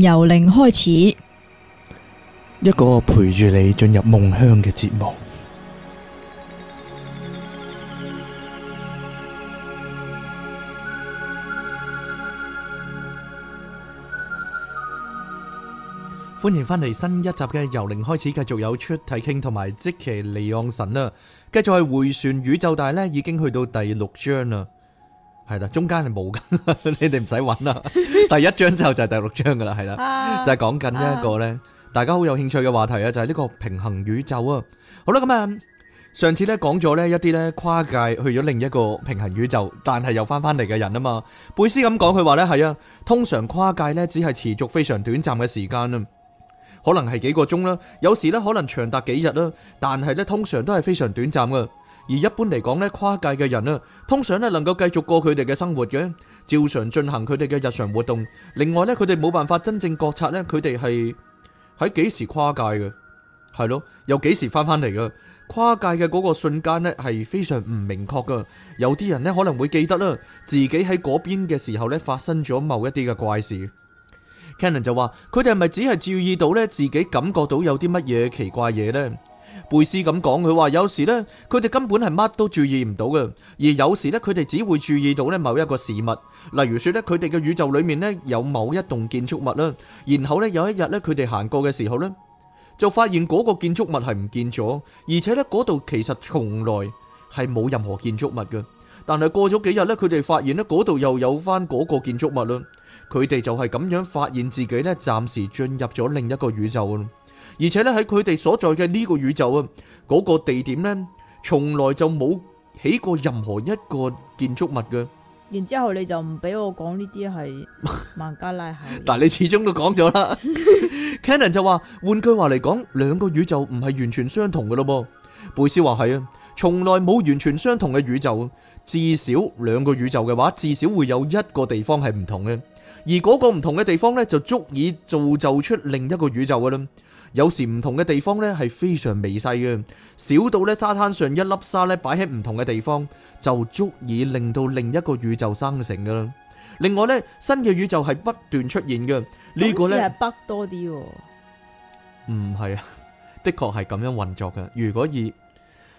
由零開始，一個陪住你進入夢鄉嘅節目。歡迎返嚟新一集嘅由零開始，繼續有出體傾同埋即其利昂神啦。繼續係回旋宇宙大呢已經去到第六章啦。係啦，中間係冇噶， 你哋唔使揾啦。 第一張之後就係第六章噶啦，係啦， 就係講緊呢一個呢。大家好有興趣嘅話題啊，就係、是、呢個平行宇宙啊。好啦，咁啊，上次呢講咗呢一啲呢，跨界去咗另一個平行宇宙，但係又翻翻嚟嘅人啊嘛。貝斯咁講，佢話呢係啊，通常跨界呢只係持續非常短暫嘅時間啊，可能係幾個鐘啦，有時呢可能長達幾日啦，但係呢通常都係非常短暫噶。而一般嚟講咧，跨界嘅人呢，通常咧能夠繼續過佢哋嘅生活嘅，照常進行佢哋嘅日常活動。另外咧，佢哋冇辦法真正覺察咧，佢哋係喺幾時跨界嘅，係咯，又幾時翻返嚟嘅？跨界嘅嗰個瞬間呢，係非常唔明確噶。有啲人呢可能會記得啦，自己喺嗰邊嘅時候呢發生咗某一啲嘅怪事。Cannon 就話：佢哋係咪只係注意到呢，自己感覺到有啲乜嘢奇怪嘢呢？貝斯咁講，佢話有時咧，佢哋根本係乜都注意唔到嘅；而有時咧，佢哋只會注意到咧某一個事物，例如說咧，佢哋嘅宇宙裏面咧有某一棟建築物啦。然後咧，有一日咧，佢哋行過嘅時候咧，就發現嗰個建築物係唔見咗，而且咧嗰度其實從來係冇任何建築物嘅。但係過咗幾日咧，佢哋發現咧嗰度又有翻嗰個建築物啦。佢哋就係咁樣發現自己咧暫時進入咗另一個宇宙咯。而且咧，喺佢哋所在嘅呢個宇宙啊，嗰個地點咧，從來就冇起過任何一個建築物嘅。然之後你就唔俾我講呢啲係孟加拉係，但係你始終都講咗啦。Cannon 就話，換句話嚟講，兩個宇宙唔係完全相同嘅咯噃。貝斯話係啊，從來冇完全相同嘅宇宙。至少兩個宇宙嘅話，至少會有一個地方係唔同嘅，而嗰個唔同嘅地方咧，就足以造就出另一個宇宙嘅啦。有時唔同嘅地方呢係非常微細嘅，小到呢沙灘上一粒沙呢擺喺唔同嘅地方就足以令到另一個宇宙生成噶啦。另外呢，新嘅宇宙係不斷出現嘅，呢個呢係北多啲，哦，唔係啊，的確係咁樣運作嘅。如果以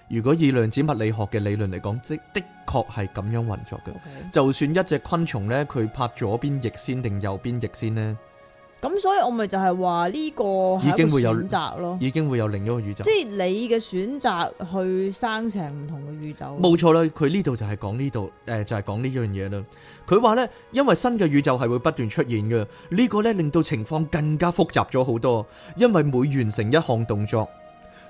如果以量子物理學嘅理論嚟講，即的確係咁樣運作嘅。Okay. 就算一隻昆蟲呢，佢拍左邊翼先定右邊翼先呢？咁所以，我咪就係話呢個已經會有選擇咯，已經會有另一個宇宙。即係你嘅選擇去生成唔同嘅宇宙。冇錯啦，佢呢度就係講呢度，誒就係講呢樣嘢啦。佢話呢，因為新嘅宇宙係會不斷出現嘅，呢個呢令到情況更加複雜咗好多。因為每完成一項動作，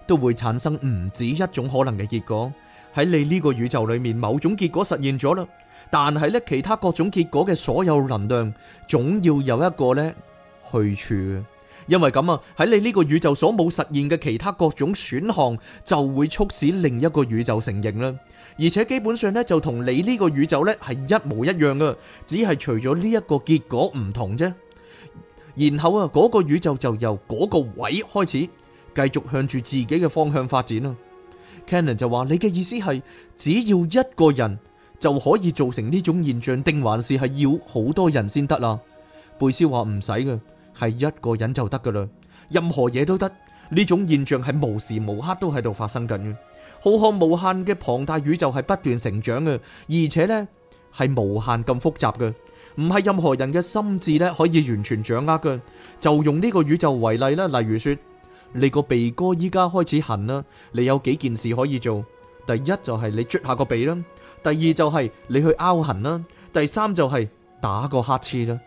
都會產生唔止一種可能嘅結果。喺你呢個宇宙裏面，某種結果實現咗啦，但係呢其他各種結果嘅所有能量，總要有一個呢去處，因為咁啊，喺你呢個宇宙所冇實現嘅其他各種選項，就會促使另一個宇宙成形啦。而且基本上呢，就同你呢個宇宙呢係一模一樣噶，只係除咗呢一個結果唔同啫。然後啊，嗰個宇宙就由嗰個位開始，繼續向住自己嘅方向發展啊。Cannon 就話：你嘅意思係，只要一個人就可以造成呢種現象，定還是係要好多人先得啊？貝斯話唔使噶。係一個人就得噶啦，任何嘢都得。呢種現象係無時無刻都喺度發生緊嘅。浩瀚無限嘅龐大宇宙係不斷成長嘅，而且呢係無限咁複雜嘅，唔係任何人嘅心智呢可以完全掌握嘅。就用呢個宇宙為例啦，例如說你個鼻哥依家開始痕啦，你有幾件事可以做？第一就係你捽下個鼻啦，第二就係你去拗痕啦，第三就係打個乞嗤啦。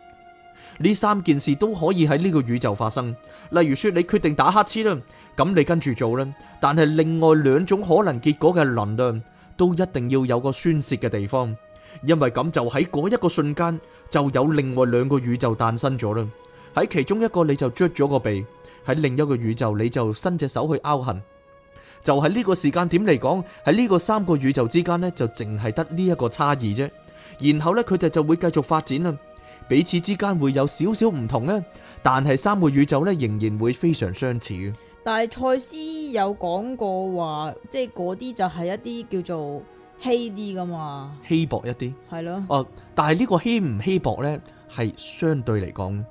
呢三件事都可以喺呢個宇宙發生，例如說你決定打乞嗤啦，咁你跟住做啦。但係另外兩種可能結果嘅能量都一定要有個宣泄嘅地方，因為咁就喺嗰一個瞬間就有另外兩個宇宙誕生咗啦。喺其中一個你就捽咗個鼻，喺另一個宇宙你就伸隻手去拗痕。就喺呢個時間點嚟講，喺呢個三個宇宙之間呢就淨係得呢一個差異啫。然後呢佢哋就會繼續發展啦。彼此之間會有少少唔同呢，但係三個宇宙呢仍然會非常相似。但係賽斯有講過話，即係嗰啲就係一啲叫做稀啲㗎嘛，稀薄一啲係咯。哦的、啊，但係呢個稀唔稀薄呢？係相對嚟講，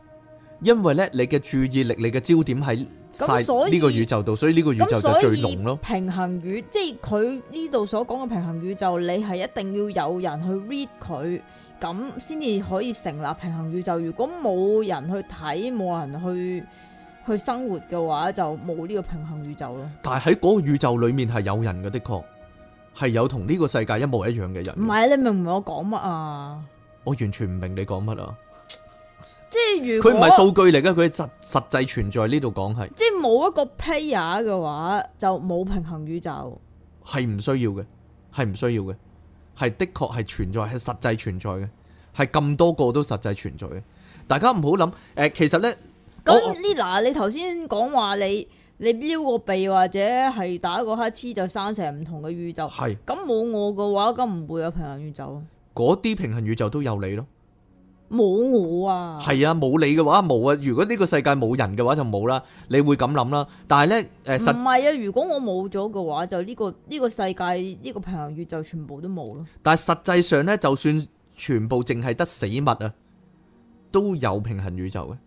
因為呢，你嘅注意力、你嘅焦點係。咁所以呢個宇宙度，所以呢個宇宙就最濃咯。平行宇宙，即係佢呢度所講嘅平行宇宙，你係一定要有人去 read 佢，咁先至可以成立平行宇宙。如果冇人去睇，冇人去去生活嘅話，就冇呢個平行宇宙咯。但係喺嗰個宇宙裏面係有人嘅，的確係有同呢個世界一模一樣嘅人。唔係，你明唔明我講乜啊？我完全唔明你講乜啊！即係，佢唔係數據嚟嘅，佢係實實際存在呢度講係。即係冇一個 player 嘅話，就冇平行宇宙。係唔需要嘅，係唔需要嘅，係的確係存在，係實際存在嘅，係咁多個都實際存在嘅。大家唔好諗，誒、呃，其實呢，咁呢嗱，你頭先講話你你撩個鼻或者係打個乞嗤就生成唔同嘅宇宙，係咁冇我嘅話，咁唔會有平行宇宙咯。嗰啲平行宇宙都有你咯。冇我啊，係啊，冇你嘅話冇啊。如果呢個世界冇人嘅話就冇啦，你會咁諗啦。但係咧，誒，實，唔係啊。如果我冇咗嘅話，就呢個、呢個世界、呢個平行宇宙全部都冇咯。但係實際上咧，就算全部淨係得死物啊，都有平行宇宙嘅。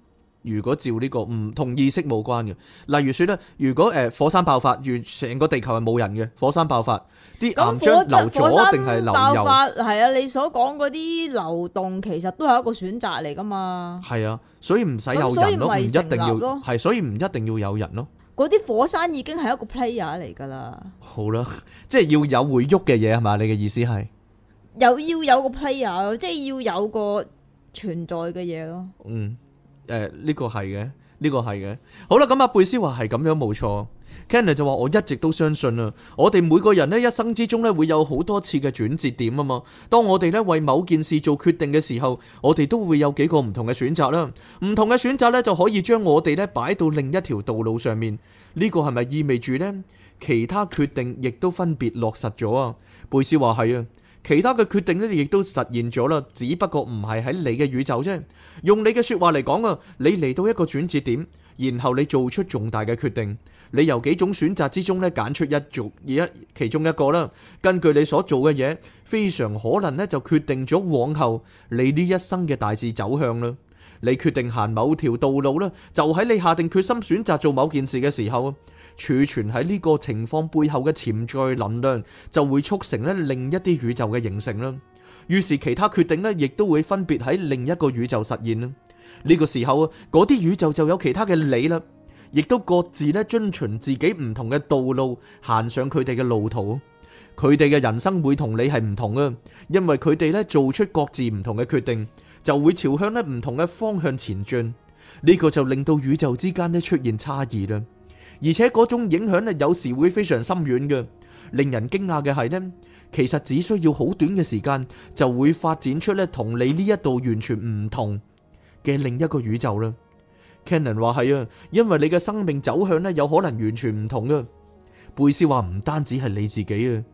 如果照呢、這個唔同意識冇關嘅，例如説咧，如果誒、呃、火山爆發，完成個地球係冇人嘅，火山爆發啲岩漿流左定係流右？係啊，你所講嗰啲流動其實都係一個選擇嚟㗎嘛？係啊，所以唔使有人咯，唔一定要，係、呃、所以唔一定要有人咯。嗰啲火山已經係一個 player 嚟㗎啦。好啦，即係要有會喐嘅嘢係嘛？係咪你嘅意思係有要有個 player，即係要有個存在嘅嘢咯。嗯。誒呢個係嘅，呢個係嘅。好啦，咁阿貝斯話係咁樣冇錯。Cannon 就話：我一直都相信啊，我哋每個人咧一生之中咧會有好多次嘅轉折點啊嘛。當我哋咧為某件事做決定嘅時候，我哋都會有幾個唔同嘅選擇啦。唔同嘅選擇呢，就可以將我哋咧擺到另一條道路上面。呢個係咪意味住呢？其他決定亦都分別落實咗啊？貝斯話係啊。其他嘅決定呢，亦都實現咗啦，只不過唔係喺你嘅宇宙啫。用你嘅説話嚟講啊，你嚟到一個轉折點，然後你做出重大嘅決定，你由幾種選擇之中咧揀出一組而一其中一個啦。根據你所做嘅嘢，非常可能咧就決定咗往後你呢一生嘅大致走向啦。你決定行某條道路啦，就喺你下定決心選擇做某件事嘅時候。儲存喺呢個情況背後嘅潛在能量，就會促成咧另一啲宇宙嘅形成啦。於是其他決定呢，亦都會分別喺另一個宇宙實現啦。呢個時候啊，嗰啲宇宙就有其他嘅你啦，亦都各自咧遵循自己唔同嘅道路行上佢哋嘅路途。佢哋嘅人生會同你係唔同啊，因為佢哋咧做出各自唔同嘅決定，就會朝向呢唔同嘅方向前進。呢個就令到宇宙之間呢出現差異啦。而且嗰種影響咧，有時會非常深遠嘅。令人驚訝嘅係呢，其實只需要好短嘅時間，就會發展出咧同你呢一度完全唔同嘅另一個宇宙啦。Cannon 話係啊，因為你嘅生命走向咧，有可能完全唔同啊。貝斯話唔單止係你自己啊，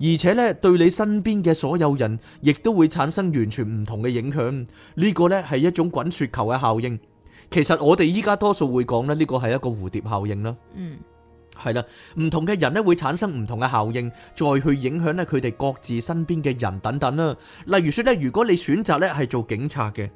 而且咧對你身邊嘅所有人，亦都會產生完全唔同嘅影響。呢個咧係一種滾雪球嘅效應。其實我哋依家多數會講咧，呢個係一個蝴蝶效應啦。嗯，係啦，唔同嘅人咧會產生唔同嘅效應，再去影響咧佢哋各自身邊嘅人等等啦。例如說咧，如果你選擇咧係做警察嘅。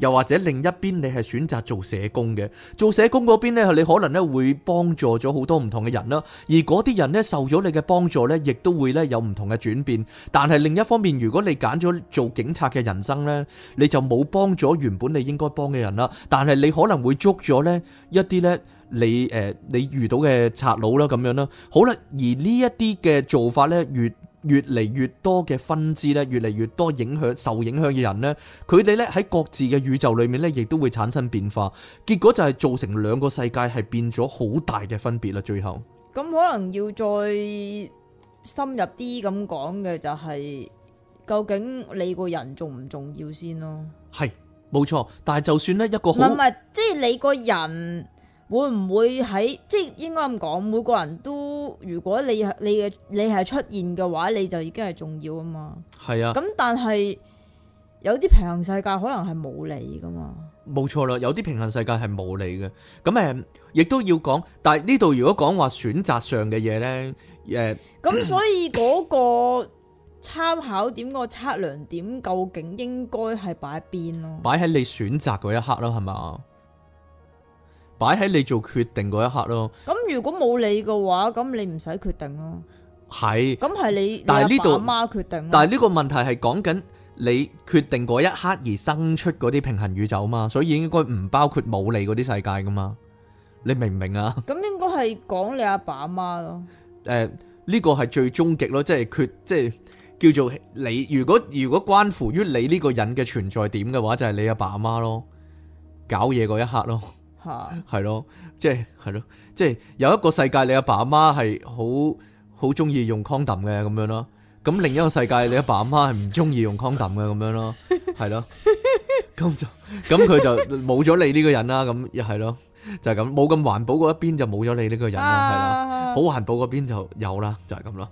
又或者另一邊你係選擇做社工嘅，做社工嗰邊呢，你可能咧會幫助咗好多唔同嘅人啦，而嗰啲人呢，受咗你嘅幫助呢，亦都會呢有唔同嘅轉變。但係另一方面，如果你揀咗做警察嘅人生呢，你就冇幫咗原本你應該幫嘅人啦，但係你可能會捉咗呢一啲呢，你誒、呃、你遇到嘅賊佬啦咁樣啦。好啦，而呢一啲嘅做法呢，越越嚟越多嘅分支咧，越嚟越多影響受影響嘅人咧，佢哋咧喺各自嘅宇宙裏面咧，亦都會產生變化，結果就係造成兩個世界係變咗好大嘅分別啦。最後咁、嗯、可能要再深入啲咁講嘅，就係究竟你個人重唔重要先咯？係冇錯，但係就算咧一個好唔係，即係、就係、你個人。會唔會喺，即係應該咁講，每個人都如果你你嘅你係出現嘅話，你就已經係重要啊嘛。係啊，咁但係有啲平行世界可能係冇你㗎嘛。冇錯啦，有啲平行世界係冇你嘅。咁、嗯、誒，亦都要講，但係呢度如果講話選擇上嘅嘢咧，誒、呃，咁所以嗰個參考點 個測量點究竟應該係擺喺邊咯？擺喺你選擇嗰一刻咯，係嘛？擺喺你做決定嗰一刻咯。咁如果冇你嘅話，咁你唔使決定咯。係是。咁係你，但係呢度阿媽決定。但係呢個問題係講緊你決定嗰一刻而生出嗰啲平行宇宙嘛，所以應該唔包括冇你嗰啲世界噶嘛。你明唔明啊？咁應該係講你阿爸阿媽咯。誒、呃，呢個係最終極咯，即係決，即係叫做你。如果如果關乎於你呢個人嘅存在點嘅話，就係、是、你阿爸阿媽咯，搞嘢嗰一刻咯。係係咯，即係係咯，即係有一個世界你阿爸阿媽係好好中意用 condom 嘅咁樣咯，咁另一個世界你阿爸阿媽係唔中意用 condom 嘅咁樣咯，係咯，咁 就咁佢就冇咗你呢個人啦，咁又係咯，就係咁冇咁環保嗰一邊就冇咗你呢個人啦，係啦、就是，好環保嗰邊就有啦，就係咁咯，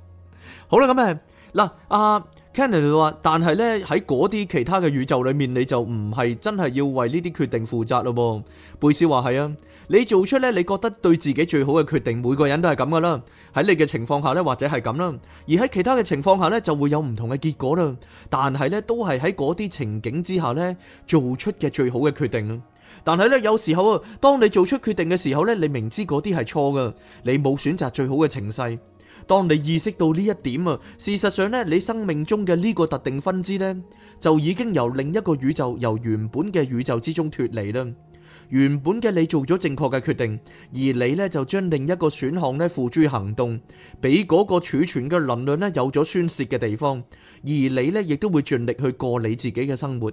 好、啊、啦，咁誒嗱阿。Kenney 就話：但係呢喺嗰啲其他嘅宇宙裡面，你就唔係真係要為呢啲決定負責咯。貝斯話：係啊，你做出呢，你覺得對自己最好嘅決定，每個人都係咁噶啦。喺你嘅情況下呢，或者係咁啦。而喺其他嘅情況下呢，就會有唔同嘅結果啦。但係呢，都係喺嗰啲情景之下呢，做出嘅最好嘅決定啦。但係呢，有時候啊，當你做出決定嘅時候呢，你明知嗰啲係錯噶，你冇選擇最好嘅情勢。當你意識到呢一點啊，事實上咧，你生命中嘅呢個特定分支呢，就已經由另一個宇宙、由原本嘅宇宙之中脫離啦。原本嘅你做咗正確嘅決定，而你呢，就將另一個選項呢付諸行動，俾嗰個儲存嘅能量呢有咗宣泄嘅地方，而你呢，亦都會盡力去過你自己嘅生活。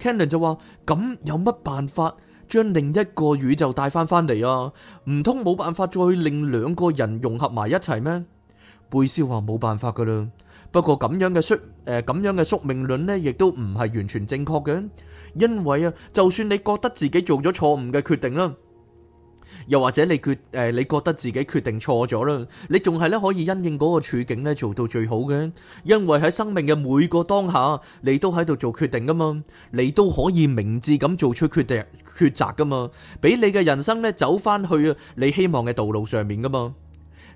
Cannon 就話：咁有乜辦法？將另一個宇宙帶翻翻嚟啊！唔通冇辦法再去令兩個人融合埋一齊咩？貝斯話冇辦法噶啦。不過咁樣嘅宿、誒咁樣嘅宿命論咧，亦都唔係完全正確嘅，因為啊，就算你覺得自己做咗錯誤嘅決定啦。又或者你決誒、呃，你覺得自己決定錯咗啦，你仲係咧可以因應嗰個處境咧做到最好嘅，因為喺生命嘅每個當下，你都喺度做決定噶嘛，你都可以明智咁做出決定抉擇噶嘛，俾你嘅人生咧走翻去啊你希望嘅道路上面噶嘛。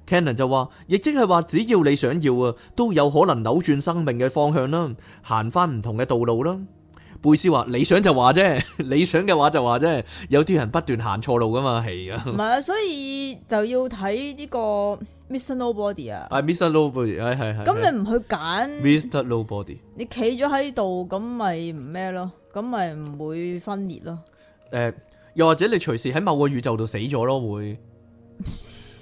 Cannon 就話，亦即係話，只要你想要啊，都有可能扭轉生命嘅方向啦，行翻唔同嘅道路啦。貝斯話理想就話啫，理想嘅話就話啫，有啲人不斷行錯路噶嘛，係啊。唔係啊，所以就要睇呢個 Mr. Nobody 啊。啊 Mr. Nobody，係係係。咁、嗯、你唔去揀 Mr. Nobody、嗯、你企咗喺度，咁咪唔咩咯？咁咪唔會分裂咯。誒、 呃，又或者你隨時喺某個宇宙度死咗咯，會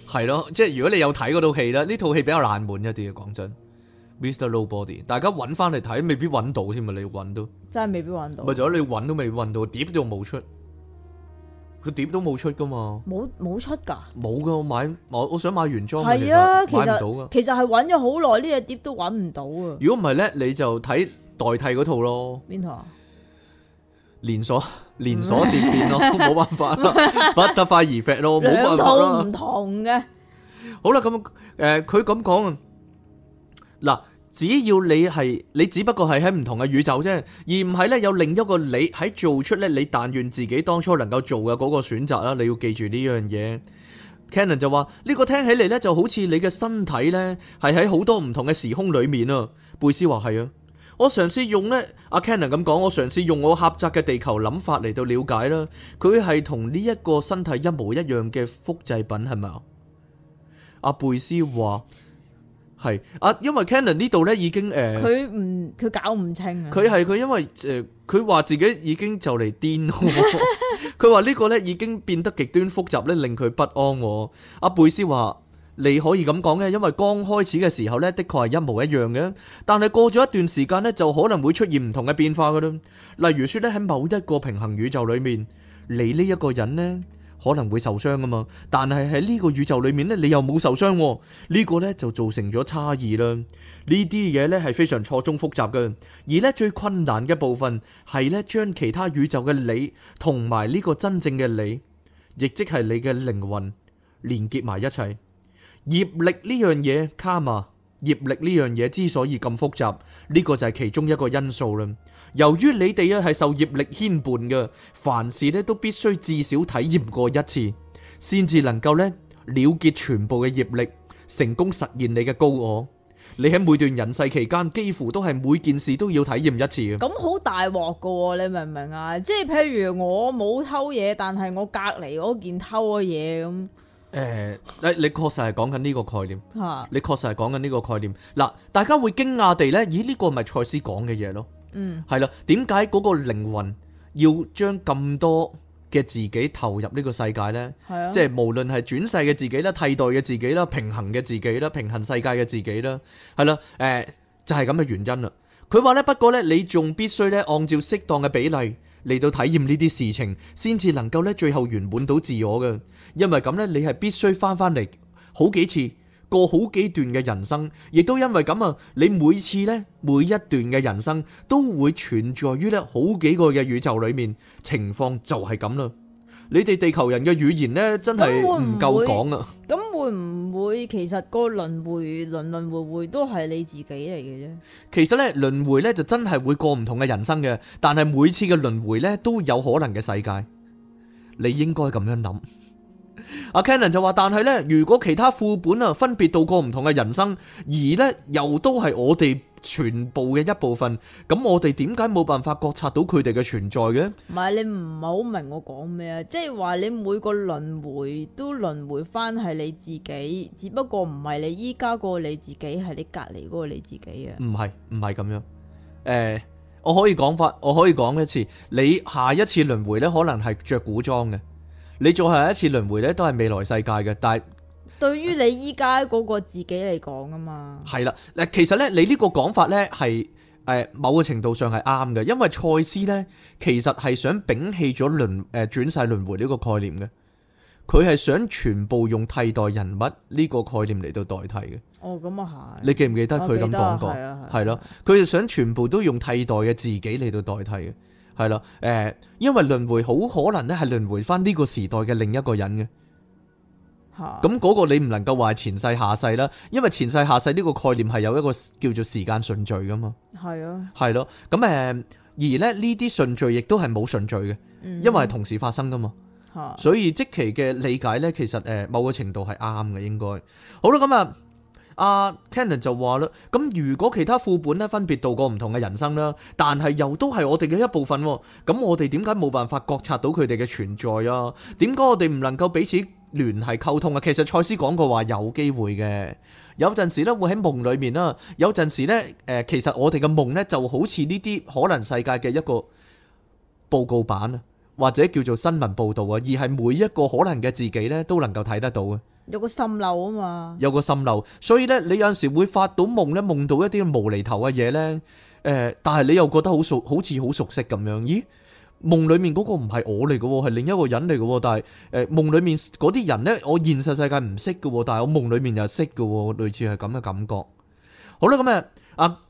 係咯。即係如果你有睇嗰套戲啦，呢套戲比較爛悶一啲嘅，講真。Mr. Nobody，大家揾翻嚟睇，未必揾到添啊！你揾都真係未必揾到。咪就係你揾都未揾到，碟都冇出，佢碟都冇出噶嘛？冇冇出噶？冇噶，我買我我想買原裝，係啊，買唔到噶。其實係揾咗好耐，呢隻碟都揾唔到啊！如果唔係咧，你就睇代替嗰套咯。邊套啊？連鎖連鎖碟片咯，冇辦法啦，不得快而發咯，冇辦法啦。兩套唔同嘅。好啦，咁誒，佢咁講嗱。只要你係你，只不過係喺唔同嘅宇宙啫，而唔係呢有另一個你喺做出呢你但願自己當初能夠做嘅嗰個選擇啦。你要記住呢樣嘢。Cannon 就話：呢個聽起嚟呢就好似你嘅身體呢係喺好多唔同嘅時空裡面啊。貝斯話，係啊，我嘗試用呢，阿 Cannon 咁講，我嘗試用我狹窄嘅地球諗法嚟到了解啦。佢係同呢一個身體一模一樣嘅複製品係咪啊？阿貝斯話。係啊，因為 Cannon 呢度咧，已經誒，佢唔佢搞唔清啊。佢係佢因為誒，佢、呃、話自己已經就嚟癲，佢話呢個咧已經變得極端複雜咧，令佢不安。阿、啊、貝斯話，你可以咁講嘅，因為剛開始嘅時候咧，的確係一模一樣嘅，但係過咗一段時間咧，就可能會出現唔同嘅變化噶啦。例如說咧，喺某一個平行宇宙裏面，你呢一個人咧。可能會受傷噶嘛，但係喺呢個宇宙裏面咧，你又冇受傷，呢、呢個咧就造成咗差異啦。呢啲嘢咧係非常錯綜複雜嘅，而咧最困難嘅部分係咧將其他宇宙嘅你同埋呢個真正嘅你，亦即係你嘅靈魂連結埋一齊。業力呢樣嘢，卡瑪。業力呢樣嘢之所以咁複雜，呢個就係其中一個因素啦。由於你哋啊係受業力牽絆嘅，凡事咧都必須至少體驗過一次，先至能夠呢了結全部嘅業力，成功實現你嘅高我。你喺每段人世期間，幾乎都係每件事都要體驗一次。咁好大鑊噶，你明唔明啊？即係譬如我冇偷嘢，但係我隔籬嗰件偷咗嘢咁。誒，你、呃、你確實係講緊呢個概念，啊、你確實係講緊呢個概念。嗱，大家會驚訝地呢，咦？呢、這個咪賽斯講嘅嘢咯，係啦、嗯。點解嗰個靈魂要將咁多嘅自己投入呢個世界呢？的即係無論係轉世嘅自己啦、替代嘅自己啦、平衡嘅自己啦、平衡世界嘅自己啦，係啦，誒、呃，就係咁嘅原因啦。佢話呢，不過呢，你仲必須呢，按照適當嘅比例。嚟到體驗呢啲事情，先至能夠咧最後圓滿到自我嘅。因為咁咧，你係必須返返嚟好幾次，過好幾段嘅人生，亦都因為咁啊，你每次咧每一段嘅人生都會存在於咧好幾個嘅宇宙裏面，情況就係咁啦。你哋地球人嘅語言呢，真係唔夠講啊！咁會唔會其實個輪迴輪輪迴迴都係你自己嚟嘅啫？其實呢輪迴呢就真係會過唔同嘅人生嘅，但係每次嘅輪迴呢都有可能嘅世界，你應該咁樣諗。阿 Cannon 就話，但係咧，如果其他副本啊，分別度過唔同嘅人生，而咧又都係我哋全部嘅一部分，咁我哋點解冇辦法覺察到佢哋嘅存在嘅？唔係，你唔係好明我講咩啊？即係話你每個輪迴都輪迴翻係你自己，只不過唔係你依家個你自己，係你隔籬嗰個你自己啊？唔係唔係咁樣，誒，我可以講法，我可以講一次，你下一次輪迴咧，可能係着古裝嘅。你最後一次輪回咧，都係未來世界嘅。但係對於你依家嗰個自己嚟講啊嘛，係啦嗱，其實咧你呢個講法咧係誒某個程度上係啱嘅，因為賽斯咧其實係想摒棄咗輪誒轉世輪回呢個概念嘅，佢係想全部用替代人物呢個概念嚟到代替嘅。哦，咁啊係。你記唔記得佢咁講過？係咯、哦，佢就想全部都用替代嘅自己嚟到代替嘅。係咯，誒，因為輪回好可能咧，係輪回翻呢個時代嘅另一個人嘅。吓，咁嗰個你唔能夠話係前世下世啦，因為前世下世呢個概念係有一個叫做時間順序噶嘛。係咯的，係咯，咁誒，而咧呢啲順序亦都係冇順序嘅，嗯、哼因為係同時發生噶嘛。的所以即期嘅理解咧，其實誒，某個程度係啱嘅，應該。好啦，咁啊。阿 Cannon 就話啦，咁如果其他副本咧分別度過唔同嘅人生啦，但係又都係我哋嘅一部分喎。咁我哋點解冇辦法覺察到佢哋嘅存在啊？點解我哋唔能夠彼此聯繫溝通啊？其實賽斯講過話有機會嘅，有陣時咧會喺夢裏面啦，有陣時咧誒，其實我哋嘅夢咧就好似呢啲可能世界嘅一個報告版啊，或者叫做新聞報導啊，而係每一個可能嘅自己咧都能夠睇得到啊。有個滲漏啊嘛，有個滲漏，所以咧你有陣時會發到夢咧，夢到一啲無厘頭嘅嘢咧，誒，但係你又覺得好熟，好似好熟悉咁樣。咦？夢裏面嗰個唔係我嚟嘅，係另一個人嚟嘅，但係誒夢裏面嗰啲人咧，我現實世界唔識嘅，但係我夢裏面又識嘅，類似係咁嘅感覺。好啦，咁啊啊～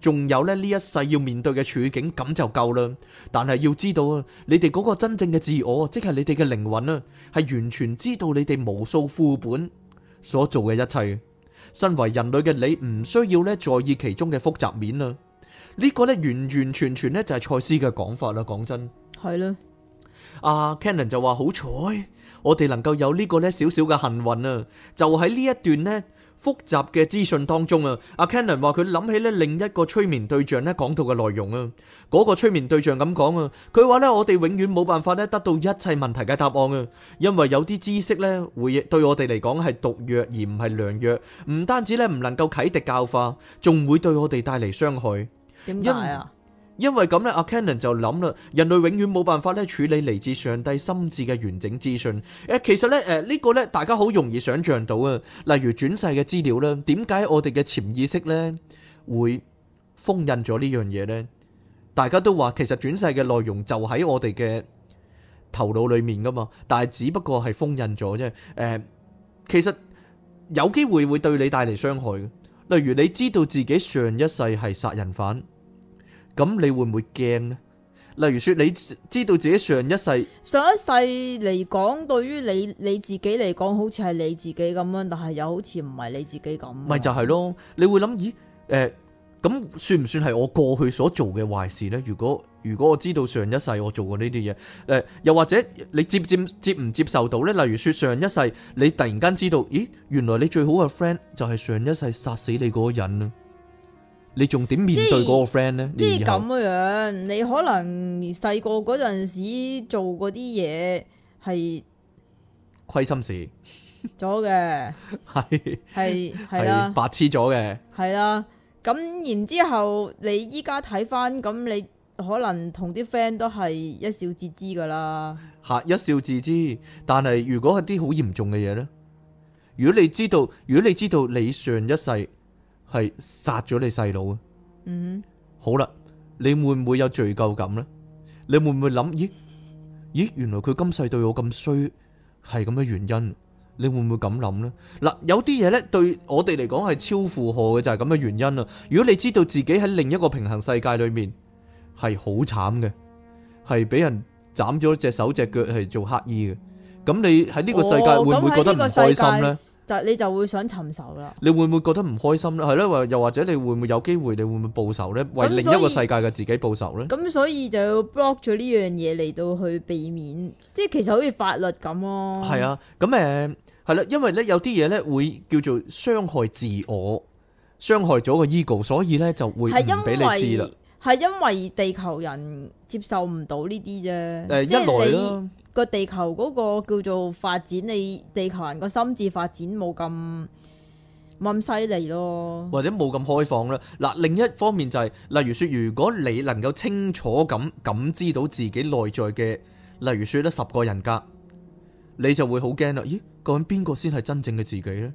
仲有呢呢一世要面對嘅處境，咁就夠啦。但係要知道啊，你哋嗰個真正嘅自我，即係你哋嘅靈魂啦，係完全知道你哋無數副本所做嘅一切。身為人類嘅你，唔需要呢在意其中嘅複雜面啦。呢個呢完完全全呢就係賽斯嘅講法啦。講真，係啦。阿 Cannon 就話好彩，我哋能夠有呢個呢少少嘅幸運啊，就喺呢一段呢。複雜嘅資訊當中啊，阿 Cannon 話佢諗起咧另一個催眠對象咧講到嘅內容啊，嗰、那個催眠對象咁講啊，佢話呢我哋永遠冇辦法咧得到一切問題嘅答案啊，因為有啲知識呢，會對我哋嚟講係毒藥而唔係良藥，唔單止呢，唔能夠啟迪教化，仲會對我哋帶嚟傷害。點解啊？因為咁咧，阿 Kenan 就諗啦，人類永遠冇辦法咧處理嚟自上帝心智嘅完整資訊。誒，其實咧，誒呢個咧，大家好容易想象到啊。例如轉世嘅資料咧，點解我哋嘅潛意識咧會封印咗呢樣嘢咧？大家都話，其實轉世嘅內容就喺我哋嘅頭腦裏面噶嘛，但係只不過係封印咗啫。誒，其實有機會會對你帶嚟傷害嘅。例如，你知道自己上一世係殺人犯。咁你會唔會驚咧？例如說，你知道自己上一世，上一世嚟講，對於你你自己嚟講，好似係你自己咁樣，但係又好似唔係你自己咁。咪就係咯，你會諗，咦？誒、欸，咁算唔算係我過去所做嘅壞事呢？如果如果我知道上一世我做過呢啲嘢，誒、呃，又或者你接，接，接唔接受到呢？例如說，上一世你突然間知道，咦，原來你最好嘅 friend 就係上一世殺死你嗰個人啊！你仲點面對嗰個 friend 呢？即係是咁樣，你可能細個嗰陣時做嗰啲嘢係虧心事咗嘅，係係係白痴咗嘅，係啦。咁然之後，你依家睇翻，咁你可能同啲 friend 都係一笑置之噶啦。係一笑置之，但係如果係啲好嚴重嘅嘢呢？如果你知道，如果你知道你上一世。係殺咗你細佬嘅，嗯，好啦，你會唔會有罪疚感呢？你會唔會諗，咦咦，原來佢今世對我咁衰，係咁嘅原因？你會唔會咁諗呢？嗱，有啲嘢呢，對我哋嚟講係超負荷嘅，就係咁嘅原因啦！如果你知道自己喺另一個平衡世界裏面係好慘嘅，係俾人斬咗隻手隻腳，係做乞兒嘅，咁你喺呢個世界會唔會覺得唔開心呢？就你就會想尋仇啦，你會唔會覺得唔開心咧？係咯，又或者你會唔會有機會，你會唔會報仇咧？為另一個世界嘅自己報仇咧？咁所以就要 block 咗呢樣嘢嚟到去避免，即係其實好似法律咁咯。係啊，咁誒係啦，因為咧有啲嘢咧會叫做傷害自我，傷害咗個 ego，所以咧就會唔俾你知啦。係因，因為地球人接受唔到呢啲啫。誒、嗯，一來啦。個地球嗰個叫做發展，你地球人個心智發展冇咁冇咁犀利咯，或者冇咁開放啦。嗱，另一方面就係、是，例如說，如果你能夠清楚咁感知到自己內在嘅，例如說得十個人格，你就會好驚啦。咦，究竟邊個先係真正嘅自己呢？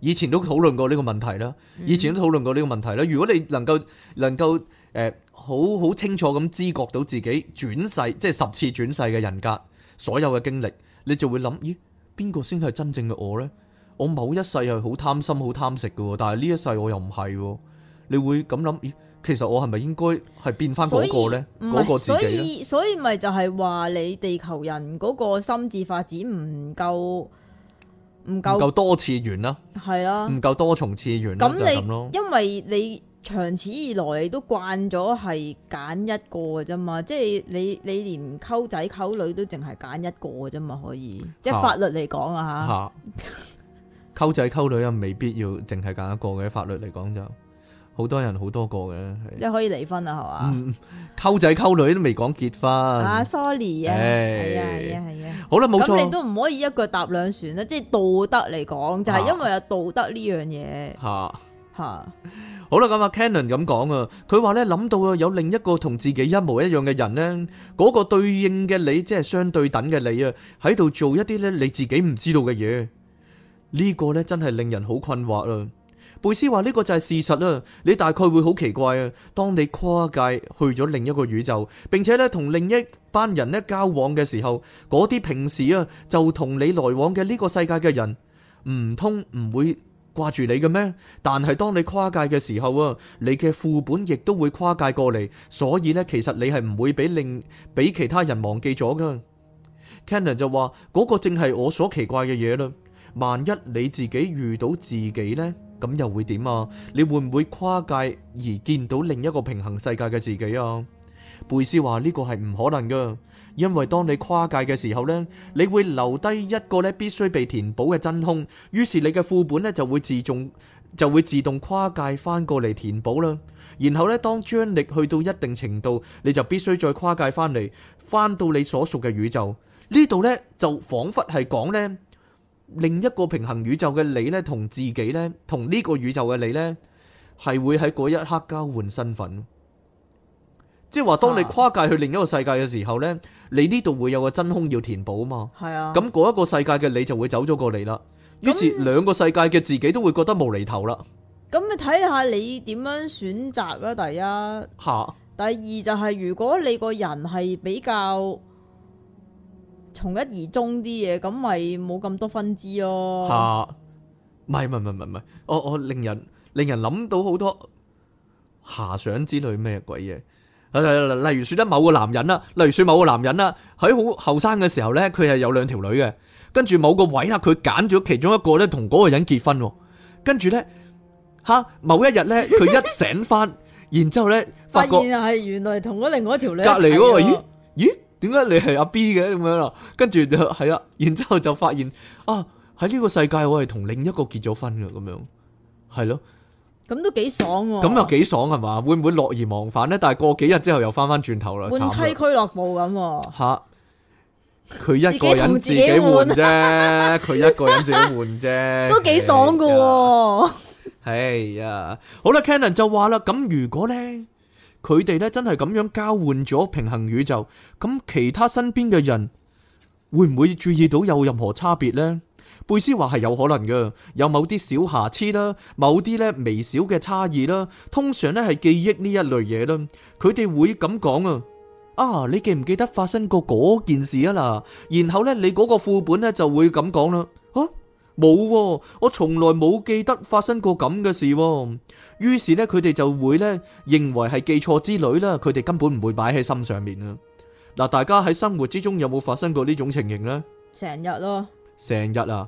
以前都討論過呢個問題啦，嗯、以前都討論過呢個問題啦。如果你能夠能夠誒好好清楚咁知覺到自己轉世，即係十次轉世嘅人格。所有嘅經歷，你就會諗，咦？邊個先係真正嘅我呢？我某一世係好貪心、好貪食嘅，但係呢一世我又唔係，你會咁諗？咦，其實我係咪應該係變翻嗰個呢？嗰個自己呢？所以所以咪就係話你地球人嗰個心智發展唔夠唔夠多次元啦，係啦，唔夠多重次元啦，就咁咯。因為你。長此以來都慣咗係揀一個嘅啫嘛，即係你你連溝仔溝女都淨係揀一個嘅啫嘛，可以。即係法律嚟講啊吓。溝仔溝女又未必要淨係揀一個嘅，法律嚟講就好多人好多個嘅。即係可以離婚啊，係嘛？溝仔溝女都未講結婚。啊，sorry 啊，係啊係啊。好啦，冇錯。咁你都唔可以一腳踏兩船啦，即係道德嚟講，就係因為有道德呢樣嘢。吓，好啦，咁啊，Cannon 咁講啊，佢話咧諗到啊有另一個同自己一模一樣嘅人咧，嗰個對應嘅你，即係相對等嘅你啊，喺度做一啲咧你自己唔知道嘅嘢，呢個咧真係令人好困惑啊。貝斯話呢個就係事實啊，你大概會好奇怪啊，當你跨界去咗另一個宇宙，並且咧同另一班人咧交往嘅時候，嗰啲平時啊就同你來往嘅呢個世界嘅人，唔通唔會？掛住你嘅咩？但係當你跨界嘅時候啊，你嘅副本亦都會跨界過嚟，所以咧，其實你係唔會俾另俾其他人忘記咗噶。Cannon 就話嗰個正係我所奇怪嘅嘢啦。萬一你自己遇到自己呢，咁又會點啊？你會唔會跨界而見到另一個平衡世界嘅自己啊？貝斯話呢個係唔可能噶。因為當你跨界嘅時候呢，你會留低一個呢必須被填補嘅真空，於是你嘅副本呢就會自動就會自動跨界翻過嚟填補啦。然後呢，當張力去到一定程度，你就必須再跨界翻嚟，翻到你所屬嘅宇宙。呢度呢就仿佛係講呢另一個平衡宇宙嘅你呢，同自己呢，同呢個宇宙嘅你呢，係會喺嗰一刻交換身份。即係話，當你跨界去另一個世界嘅時候呢，啊、你呢度會有個真空要填補嘛。係啊。咁嗰一個世界嘅你就會走咗過嚟啦。於、嗯、是兩個世界嘅自己都會覺得無厘頭啦。咁、嗯嗯、你睇下你點樣選擇啦。第一。下、啊。第二就係、是、如果你個人係比較從一而終啲嘢，咁咪冇咁多分支咯、哦。下、啊。唔係唔係唔係唔係，我我令人令人諗到好多遐想之類咩鬼嘢。例如說得某個男人啦，例如說某個男人啦，喺好後生嘅時候咧，佢係有兩條女嘅，跟住某個位啊，佢揀咗其中一個咧同嗰個人結婚，跟住咧，吓某一日咧佢一醒翻， 然之後咧發，發現係原來同咗另外一條女隔籬嗰個，咦咦，點解你係阿 B 嘅咁樣咯。跟住就係啦，然之後就發現啊，喺呢個世界我係同另一個結咗婚嘅咁樣，係咯。咁都幾爽喎！咁又幾爽係嘛？會唔會樂而忘返呢？但係過幾日之後又翻翻轉頭啦，換妻俱樂部咁。吓、啊？佢一個人自己換啫，佢 一個人自己換啫，都幾爽㗎喎。係啊，好啦，Cannon 就話啦，咁如果呢，佢哋呢真係咁樣交換咗平行宇宙，咁其他身邊嘅人會唔會注意到有任何差別呢？貝斯話係有可能嘅，有某啲小瑕疵啦，某啲咧微小嘅差異啦，通常咧係記憶呢一類嘢啦，佢哋會咁講啊，啊你記唔記得發生過嗰件事啊啦？然後咧你嗰個副本咧就會咁講啦，吓冇，我從來冇記得發生過咁嘅事，於是咧佢哋就會咧認為係記錯之類啦，佢哋根本唔會擺喺心上面啊。嗱，大家喺生活之中有冇發生過呢種情形咧？成日咯，成日啊！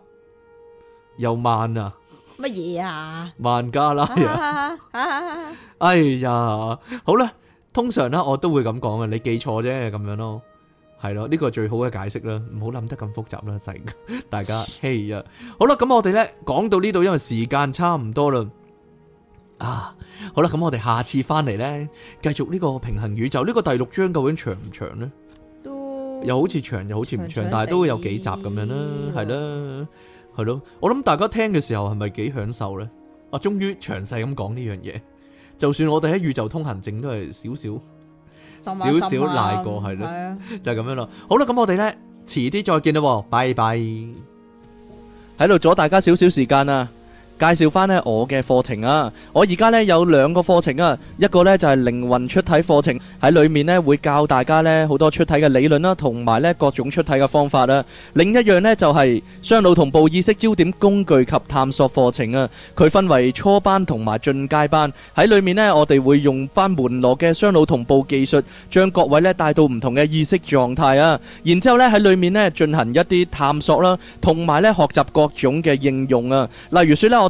又慢啊！乜嘢啊？慢㗎啦！啊啊啊、 哎呀，好啦，通常咧我都會咁講嘅，你記錯啫，咁樣咯，係咯，呢個最好嘅解釋啦，唔好諗得咁複雜啦，就大家嘿呀， hey, 好啦，咁我哋呢講到呢度，因為時間差唔多啦，啊，好啦，咁我哋下次翻嚟呢，繼續呢個平行宇宙，呢、這個第六章究竟長唔長呢？都又好似長又好似唔長，長長但係都會有幾集咁樣啦，係啦。係咯，我諗大家聽嘅時候係咪幾享受呢？啊，終於詳細咁講呢樣嘢，就算我哋喺宇宙通行証都係少少少少賴過，係咯，就係咁樣咯。好啦，咁我哋呢，遲啲再見啦，拜拜，喺度阻大家少少時間啊。介紹翻呢我嘅課程啊，我而家呢有兩個課程啊，一個呢就係靈魂出體課程喺裏面呢會教大家呢好多出體嘅理論啦，同埋呢各種出體嘅方法啊。另一樣呢就係雙腦同步意識焦點工具及探索課程啊，佢分為初班同埋進階班喺裏面呢我哋會用翻門羅嘅雙腦同步技術，將各位呢帶到唔同嘅意識狀態啊，然之後呢喺裏面呢進行一啲探索啦，同埋呢學習各種嘅應用啊，例如說呢我。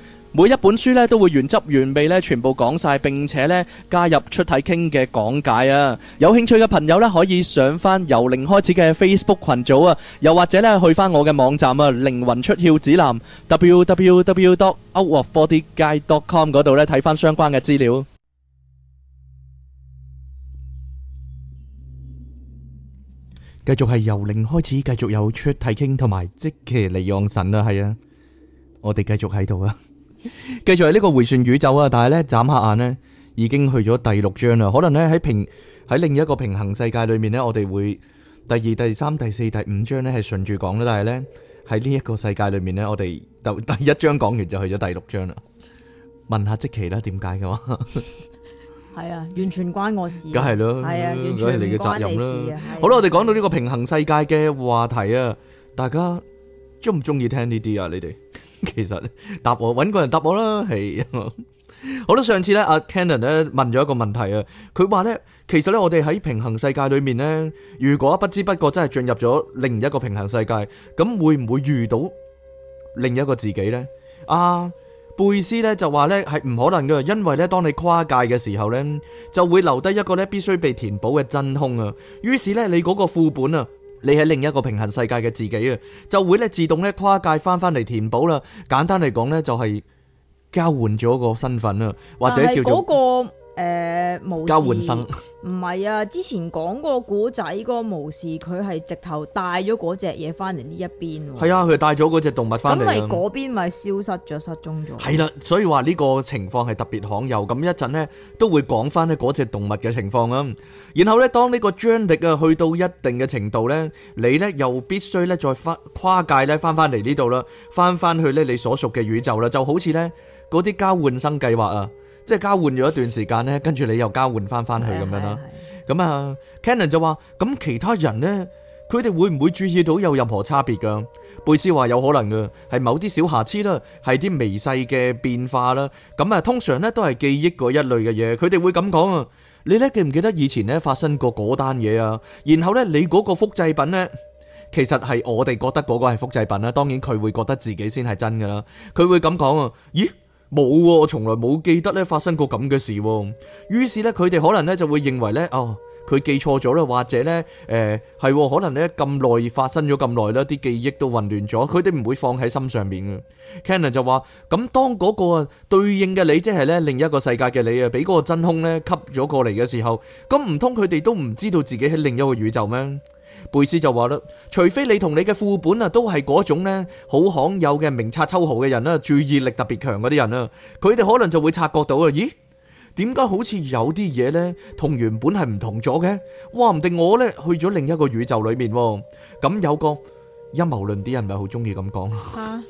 每一本書咧都會原汁原味咧全部講晒，並且咧加入出體傾嘅講解啊！有興趣嘅朋友咧可以上翻由零開始嘅 Facebook 群組啊，又或者咧去翻我嘅網站啊靈魂出竅指南 www.outofbodyguide.com 嗰度咧睇翻相關嘅資料。繼續係由零開始，繼續有出體傾同埋即其嚟用神啊！係啊，我哋繼續喺度啊！ 繼續係呢個回旋宇宙啊，但係咧眨下眼咧已經去咗第六章啦。可能咧喺平喺另一個平衡世界裏面咧，我哋會第二、第三、第四、第五章咧係順住講啦。但係咧喺呢一個世界裏面咧，我哋就第一章講完就去咗第六章啦。問下即奇啦，點解嘅話？係 啊，完全關我事。梗係咯，係啊，完全唔關你嘅責任啦。啊、好啦，我哋講到呢個平衡世界嘅話題啊，大家中唔中意聽呢啲啊？你哋？其實答我，搵個人答我啦。係， 好咧，上次咧阿 Canon 咧問咗一個問題啊，佢話咧其實咧我哋喺平行世界裏面咧，如果不知不覺真係進入咗另一個平行世界，咁會唔會遇到另一個自己呢？啊，貝斯咧就話咧係唔可能㗎，因為咧當你跨界嘅時候咧，就會留低一個咧必須被填補嘅真空啊。於是咧你嗰個副本啊。你喺另一個平行世界嘅自己啊，就會咧自動咧跨界翻翻嚟填補啦。簡單嚟講咧，就係交換咗個身份啦，或者叫做。誒，呃、交換生唔係啊！之前講過古仔嗰個巫師，佢係直頭帶咗嗰隻嘢翻嚟呢一邊。係啊，佢帶咗嗰隻動物翻嚟。咁咪嗰邊咪消失咗、失蹤咗。係啦、啊，所以話呢個情況係特別罕有。咁一陣呢，都會講翻呢嗰隻動物嘅情況啊。然後呢，當呢個張力啊去到一定嘅程度呢，你呢又必須呢再翻跨界呢翻翻嚟呢度啦，翻翻去呢你所屬嘅宇宙啦。就好似呢嗰啲交換生計劃啊。即係交換咗一段時間呢，跟住你又交換翻翻去咁 樣啦。咁啊 ，Cannon 就話：咁其他人呢，佢哋會唔會注意到有任何差別噶？貝斯話有可能噶，係某啲小瑕疵啦，係啲微細嘅變化啦。咁啊，通常呢都係記憶嗰一類嘅嘢，佢哋會咁講啊。你呢記唔記得以前呢發生過嗰單嘢啊？然後呢，你嗰個複製品呢，其實係我哋覺得嗰個係複製品啦。當然佢會覺得自己先係真噶啦。佢會咁講啊？咦？冇喎，我從來冇記得咧發生過咁嘅事。於是咧，佢哋可能咧就會認為咧，哦，佢記錯咗啦，或者咧，誒、呃、係、哦、可能咧咁耐發生咗咁耐啦，啲記憶都混亂咗。佢哋唔會放喺心上面嘅。Cannon 就話：咁當嗰個對應嘅你，即係咧另一個世界嘅你啊，俾嗰個真空咧吸咗過嚟嘅時候，咁唔通佢哋都唔知道自己喺另一個宇宙咩？貝斯就話啦，除非你同你嘅副本啊，都係嗰種呢好罕有嘅明察秋毫嘅人啦，注意力特別強嗰啲人啦，佢哋可能就會察覺到啊，咦，點解好似有啲嘢呢同原本係唔同咗嘅？話唔定我呢去咗另一個宇宙裏面，咁有個陰謀論啲人咪好中意咁講。啊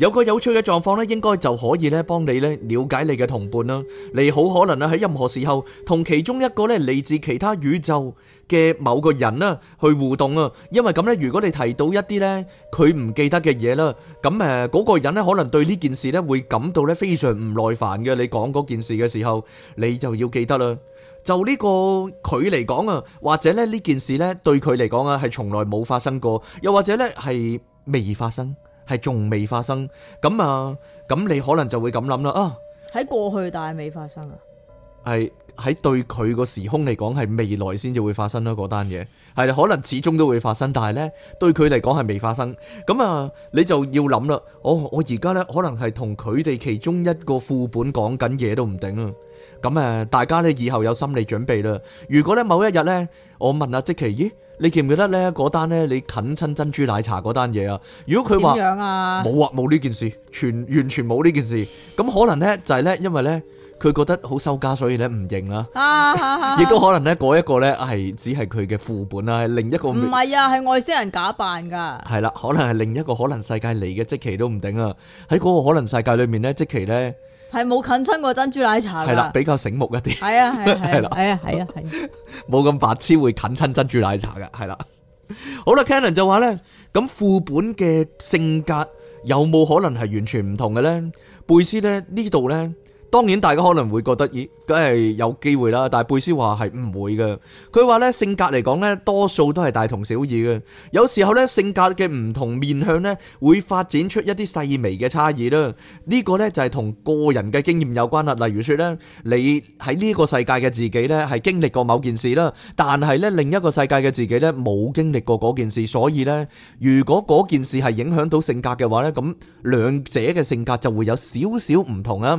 有個有趣嘅狀況咧，應該就可以咧幫你咧了解你嘅同伴啦。你好可能咧喺任何時候同其中一個咧嚟自其他宇宙嘅某個人啦去互動啊。因為咁咧，如果你提到一啲咧佢唔記得嘅嘢啦，咁誒嗰個人咧可能對呢件事咧會感到咧非常唔耐煩嘅。你講嗰件事嘅時候，你就要記得啦。就呢個佢嚟講啊，或者咧呢件事咧對佢嚟講啊係從來冇發生過，又或者咧係未發生。係仲未發生咁啊。咁你可能就會咁諗啦啊，喺過去但係未發生啊，係。喺對佢個時空嚟講，係未來先至會發生咯，嗰單嘢係啦，可能始終都會發生，但係咧對佢嚟講係未發生。咁啊，你就要諗啦，哦，我我而家咧可能係同佢哋其中一個副本講緊嘢都唔定啊。咁誒，大家咧以後有心理準備啦。如果咧某一日咧，我問阿即奇：「咦，你記唔記得咧嗰單咧你近親珍，珍珠奶茶嗰單嘢啊？如果佢話樣啊，冇啊，冇呢、啊、件事，全完全冇呢件事。咁可能咧就係咧，因為咧。佢覺得好收家，所以咧唔認啦。啊！亦都可能咧，嗰一個咧係只係佢嘅副本啦，係另一個。唔係啊，係外星人假扮噶。係啦，可能係另一個可能世界嚟嘅，即其都唔定啊。喺嗰個可能世界裏面咧，即其咧係冇近親過珍珠奶茶。係啦，比較醒目一啲。係啊，係啦。係啊，係啊，係。冇咁白痴會近親珍珠奶茶噶，係啦。好啦，Cannon 就話咧，咁副本嘅性格有冇可能係完全唔同嘅咧？貝斯咧呢度咧。當然，大家可能會覺得，咦，梗係有機會啦。但係貝斯話係唔會嘅。佢話咧，性格嚟講咧，多數都係大同小異嘅。有時候咧，性格嘅唔同面向咧，會發展出一啲細微嘅差異啦。呢個咧就係同個人嘅經驗有關啦。例如說咧，你喺呢個世界嘅自己咧係經歷過某件事啦，但係咧另一個世界嘅自己咧冇經歷過嗰件事，所以咧，如果嗰件事係影響到性格嘅話咧，咁兩者嘅性格就會有少少唔同啊。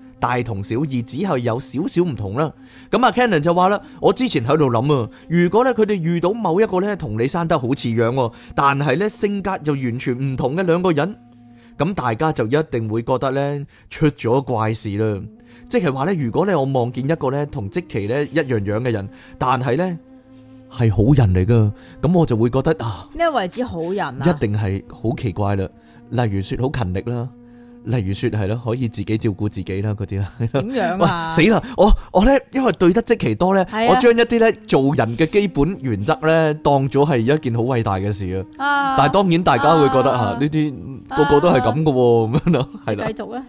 大同小異，只係有少少唔同啦。咁啊 Cannon 就話啦，我之前喺度諗啊，如果咧佢哋遇到某一個咧同你生得好似樣，但係咧性格又完全唔同嘅兩個人，咁大家就一定會覺得咧出咗怪事啦。即係話咧，如果咧我望見一個咧同積奇咧一樣樣嘅人，但係咧係好人嚟噶，咁我就會覺得啊，咩為之好人啊？一定係好奇怪啦。例如説，好勤力啦。例如說係咯，可以自己照顧自己啦，嗰啲啦。咁樣啊？死啦！我我咧，因為對得積其多咧，啊、我將一啲咧做人嘅基本原則咧，當咗係一件好偉大嘅事啊！但係當然大家會覺得吓呢啲個個都係咁噶喎，咁樣咯，係啦。繼續啦。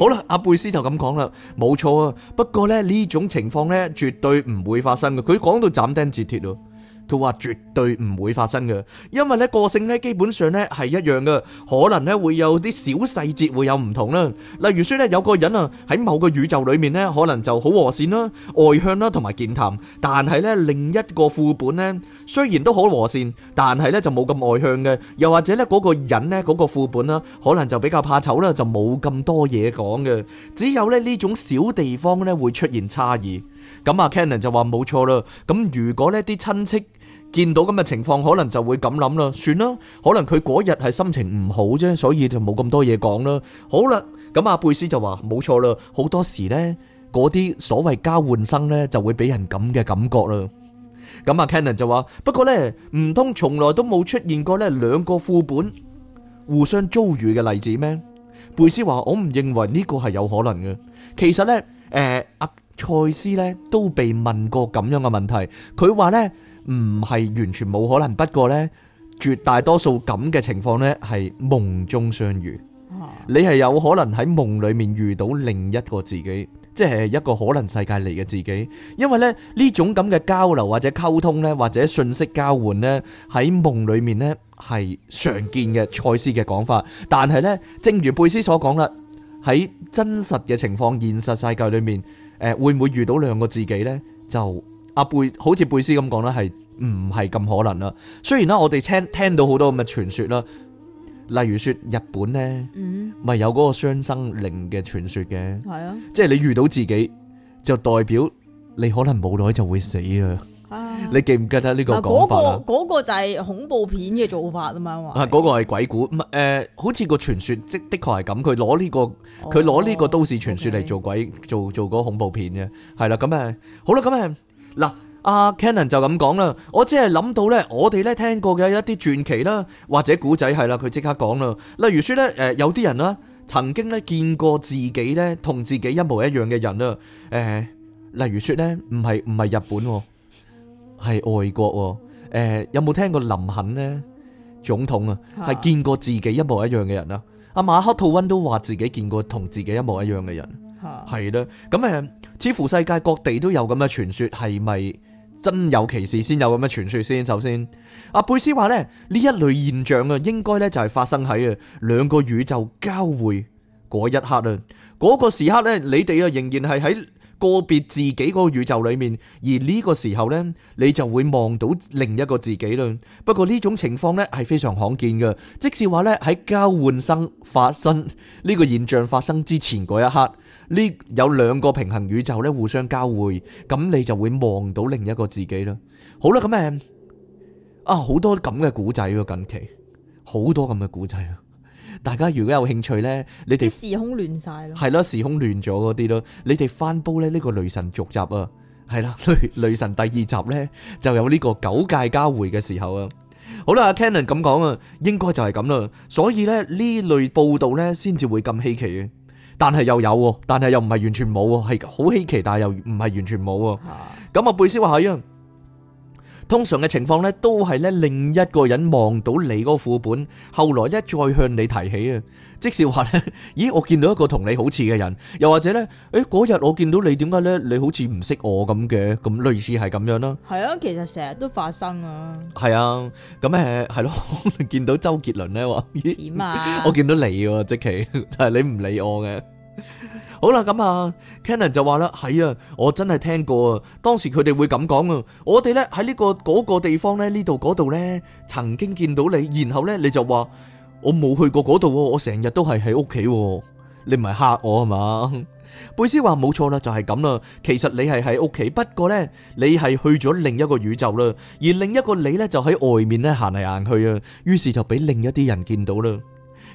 好啦，阿貝斯就咁講啦，冇錯啊。不過咧呢種情況咧，絕對唔會發生嘅。佢講到斬釘截鐵咯。佢話絕對唔會發生嘅，因為咧個性咧基本上咧係一樣嘅，可能咧會有啲小細節會有唔同啦。例如説咧有個人啊喺某個宇宙裏面咧可能就好和善啦、外向啦同埋健談，但係咧另一個副本咧雖然都好和善，但係咧就冇咁外向嘅，又或者咧嗰個人咧嗰個副本啦可能就比較怕醜啦，就冇咁多嘢講嘅，只有咧呢種小地方咧會出現差異。咁啊 Cannon 就話冇錯啦，咁如果呢啲親戚，見到咁嘅情況，可能就會咁諗啦，算啦。可能佢嗰日係心情唔好啫，所以就冇咁多嘢講啦。好啦，咁阿貝斯就話：冇錯啦，好多時呢，嗰啲所謂交換生呢，就會俾人咁嘅感覺啦。咁阿 Cannon 就話：不過呢，唔通從來都冇出現過呢兩個副本互相遭遇嘅例子咩？貝斯話：我唔認為呢個係有可能嘅。其實呢，誒阿賽斯呢都被問過咁樣嘅問題，佢話呢。唔係完全冇可能，不過呢，絕大多數咁嘅情況呢係夢中相遇。你係有可能喺夢裏面遇到另一個自己，即係一個可能世界嚟嘅自己。因為呢呢種咁嘅交流或者溝通呢，或者信息交換呢，喺夢裏面呢係常見嘅，賽斯嘅講法。但係呢，正如貝斯所講啦，喺真實嘅情況、現實世界裏面，誒會唔會遇到兩個自己呢？就阿貝好似貝斯咁講啦，係唔係咁可能啦？雖然啦，我哋聽聽到好多咁嘅傳說啦，例如說日本咧，咪、嗯、有嗰個雙生靈嘅傳說嘅，係啊、嗯，即係你遇到自己就代表你可能冇耐就會死啦。啊、你記唔記得呢個講法嗰、啊嗰個嗰個就係恐怖片嘅做法啊嘛，話嗰個係鬼故唔、呃、好似個傳說，即係的確係咁，佢攞呢個佢攞呢個都市傳說嚟做鬼、哦 okay. 做做嗰恐怖片嘅係啦。咁誒好啦，咁、嗯、誒。嗯嗯嗯嗯嗱，阿 Kenan、啊、就咁講啦，我只係諗到咧，我哋咧聽過嘅一啲傳奇啦，或者古仔係啦，佢即刻講啦，例如說咧，誒、呃、有啲人啦，曾經咧見過自己咧同自己一模一樣嘅人啦，誒、呃，例如說咧，唔係唔係日本喎，係外國喎、呃，有冇聽過林肯咧，總統啊，係見過自己一模一樣嘅人啊，阿馬克吐溫都話自己見過同自己一模一樣嘅人。係啦，咁誒、嗯，似乎世界各地都有咁嘅傳說，係咪真有其事先有咁嘅傳說先？首先，阿貝斯話咧，呢一類現象啊，應該咧就係發生喺啊兩個宇宙交匯嗰一刻啦，嗰、嗰個時刻咧，你哋啊仍然係喺個別自己個宇宙裏面，而呢個時候咧，你就會望到另一個自己咯。不過呢種情況咧係非常罕見噶，即使話咧喺交換生發生呢、呢個現象發生之前嗰一刻。呢有兩個平行宇宙咧互相交匯，咁你就會望到另一個自己啦。好啦，咁誒啊好多咁嘅古仔喎，近期好多咁嘅古仔啊！大家如果有興趣咧，你哋時空亂曬咯，係咯時空亂咗嗰啲咯，你哋翻煲咧呢個雷神續集啊，係啦雷雷神第二集咧就有呢個九界交匯嘅時候啊，好啦阿 Cannon 咁講啊，應該就係咁啦，所以咧呢類報導咧先至會咁稀奇嘅。但係又有喎，但係又唔係完全冇喎，係好稀奇，但係又唔係完全冇喎。噉阿貝斯話係啊。通常嘅情況咧，都係咧另一個人望到你個副本，後來一再向你提起啊，即是話咧，咦，我見到一個同你好似嘅人，又或者咧，誒、欸，嗰日我見到你，點解咧，你好似唔識我咁嘅，咁類似係咁樣咯。係啊，其實成日都發生啊。係啊，咁誒，係咯、啊， 見到周杰倫咧話，咦，點啊？ 我見到你喎，即期，但係你唔理我嘅。 好啦，咁啊，Cannon 就話啦，係啊，我真係聽過啊，當時佢哋會咁講啊，我哋呢喺呢個嗰個地方呢，呢度嗰度呢曾經見到你，然後呢你就話我冇去過嗰度喎，我成日都係喺屋企喎，你唔係嚇我啊嘛？貝斯話冇錯啦，就係咁啦，其實你係喺屋企，不過呢，你係去咗另一個宇宙啦，而另一個你呢就喺外面呢行嚟行去啊，於是就俾另一啲人見到啦。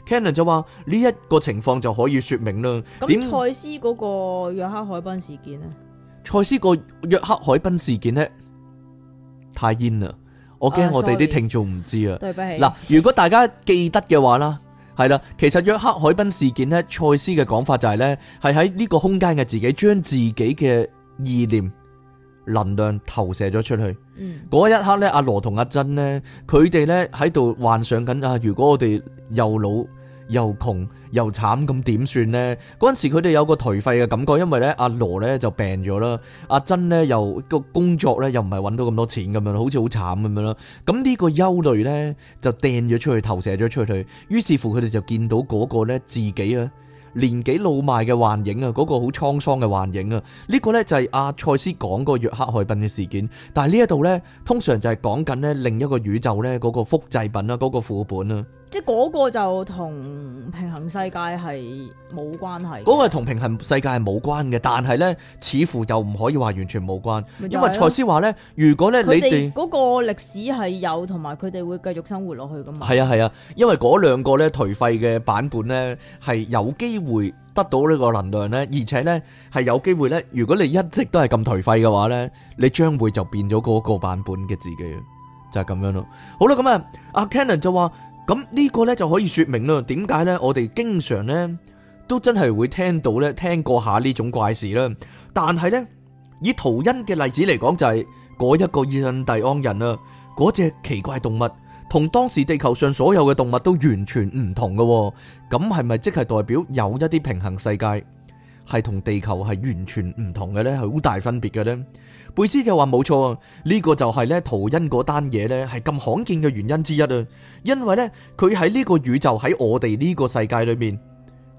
Canon 就話呢一個情況就可以說明啦。咁賽斯嗰個約克海濱事件咧？賽斯個約克海濱事件呢？太煙啦！我驚我哋啲聽眾唔知啊。對不起。嗱，如果大家記得嘅話啦，係啦，其實約克海濱事件呢，賽斯嘅講法就係、是、呢，係喺呢個空間嘅自己將自己嘅意念。能量投射咗出去，嗰、嗯、一刻咧，阿羅同阿珍咧，佢哋咧喺度幻想緊啊！如果我哋又老又窮又慘咁點算咧？嗰陣時佢哋有個頹廢嘅感覺，因為咧阿羅咧就病咗啦，阿珍咧又個工作咧又唔係搵到咁多錢咁樣，好似好慘咁樣咯。咁呢個憂慮咧就掟咗出去，投射咗出去，於是乎佢哋就見到嗰個咧自己啊。年紀老邁嘅幻影啊，嗰、那個好滄桑嘅幻影啊，呢、這個呢，就係阿賽斯講過約克海濱嘅事件，但係呢一度呢，通常就係講緊呢另一個宇宙呢，嗰、那個複製品啊，嗰、那個副本啊。即係嗰個就同平行世界係冇關係。嗰個同平行世界係冇關嘅，但係咧，似乎又唔可以話完全冇關係，因為蔡思話咧，如果咧你哋嗰個歷史係有，同埋佢哋會繼續生活落去噶嘛？係啊，係啊，因為嗰兩個咧，頹廢嘅版本咧係有機會得到呢個能量咧，而且咧係有機會咧。如果你一直都係咁頹廢嘅話咧，你將會就變咗嗰個版本嘅自己，就係咁樣咯。好啦，咁啊，阿 Canon 就話。咁呢個呢，就可以說明啦，點解呢？我哋經常呢，都真係會聽到呢，聽過下呢種怪事啦。但係呢，以圖恩嘅例子嚟講、就係，就係嗰一個印第安人啊，嗰隻奇怪動物同當時地球上所有嘅動物都完全唔同嘅、哦，咁係咪即係代表有一啲平行世界？係同地球係完全唔同嘅咧，好大分別嘅呢。貝斯就話冇錯，呢個就係呢圖因嗰單嘢呢係咁罕見嘅原因之一啊。因為呢，佢喺呢個宇宙喺我哋呢個世界裏面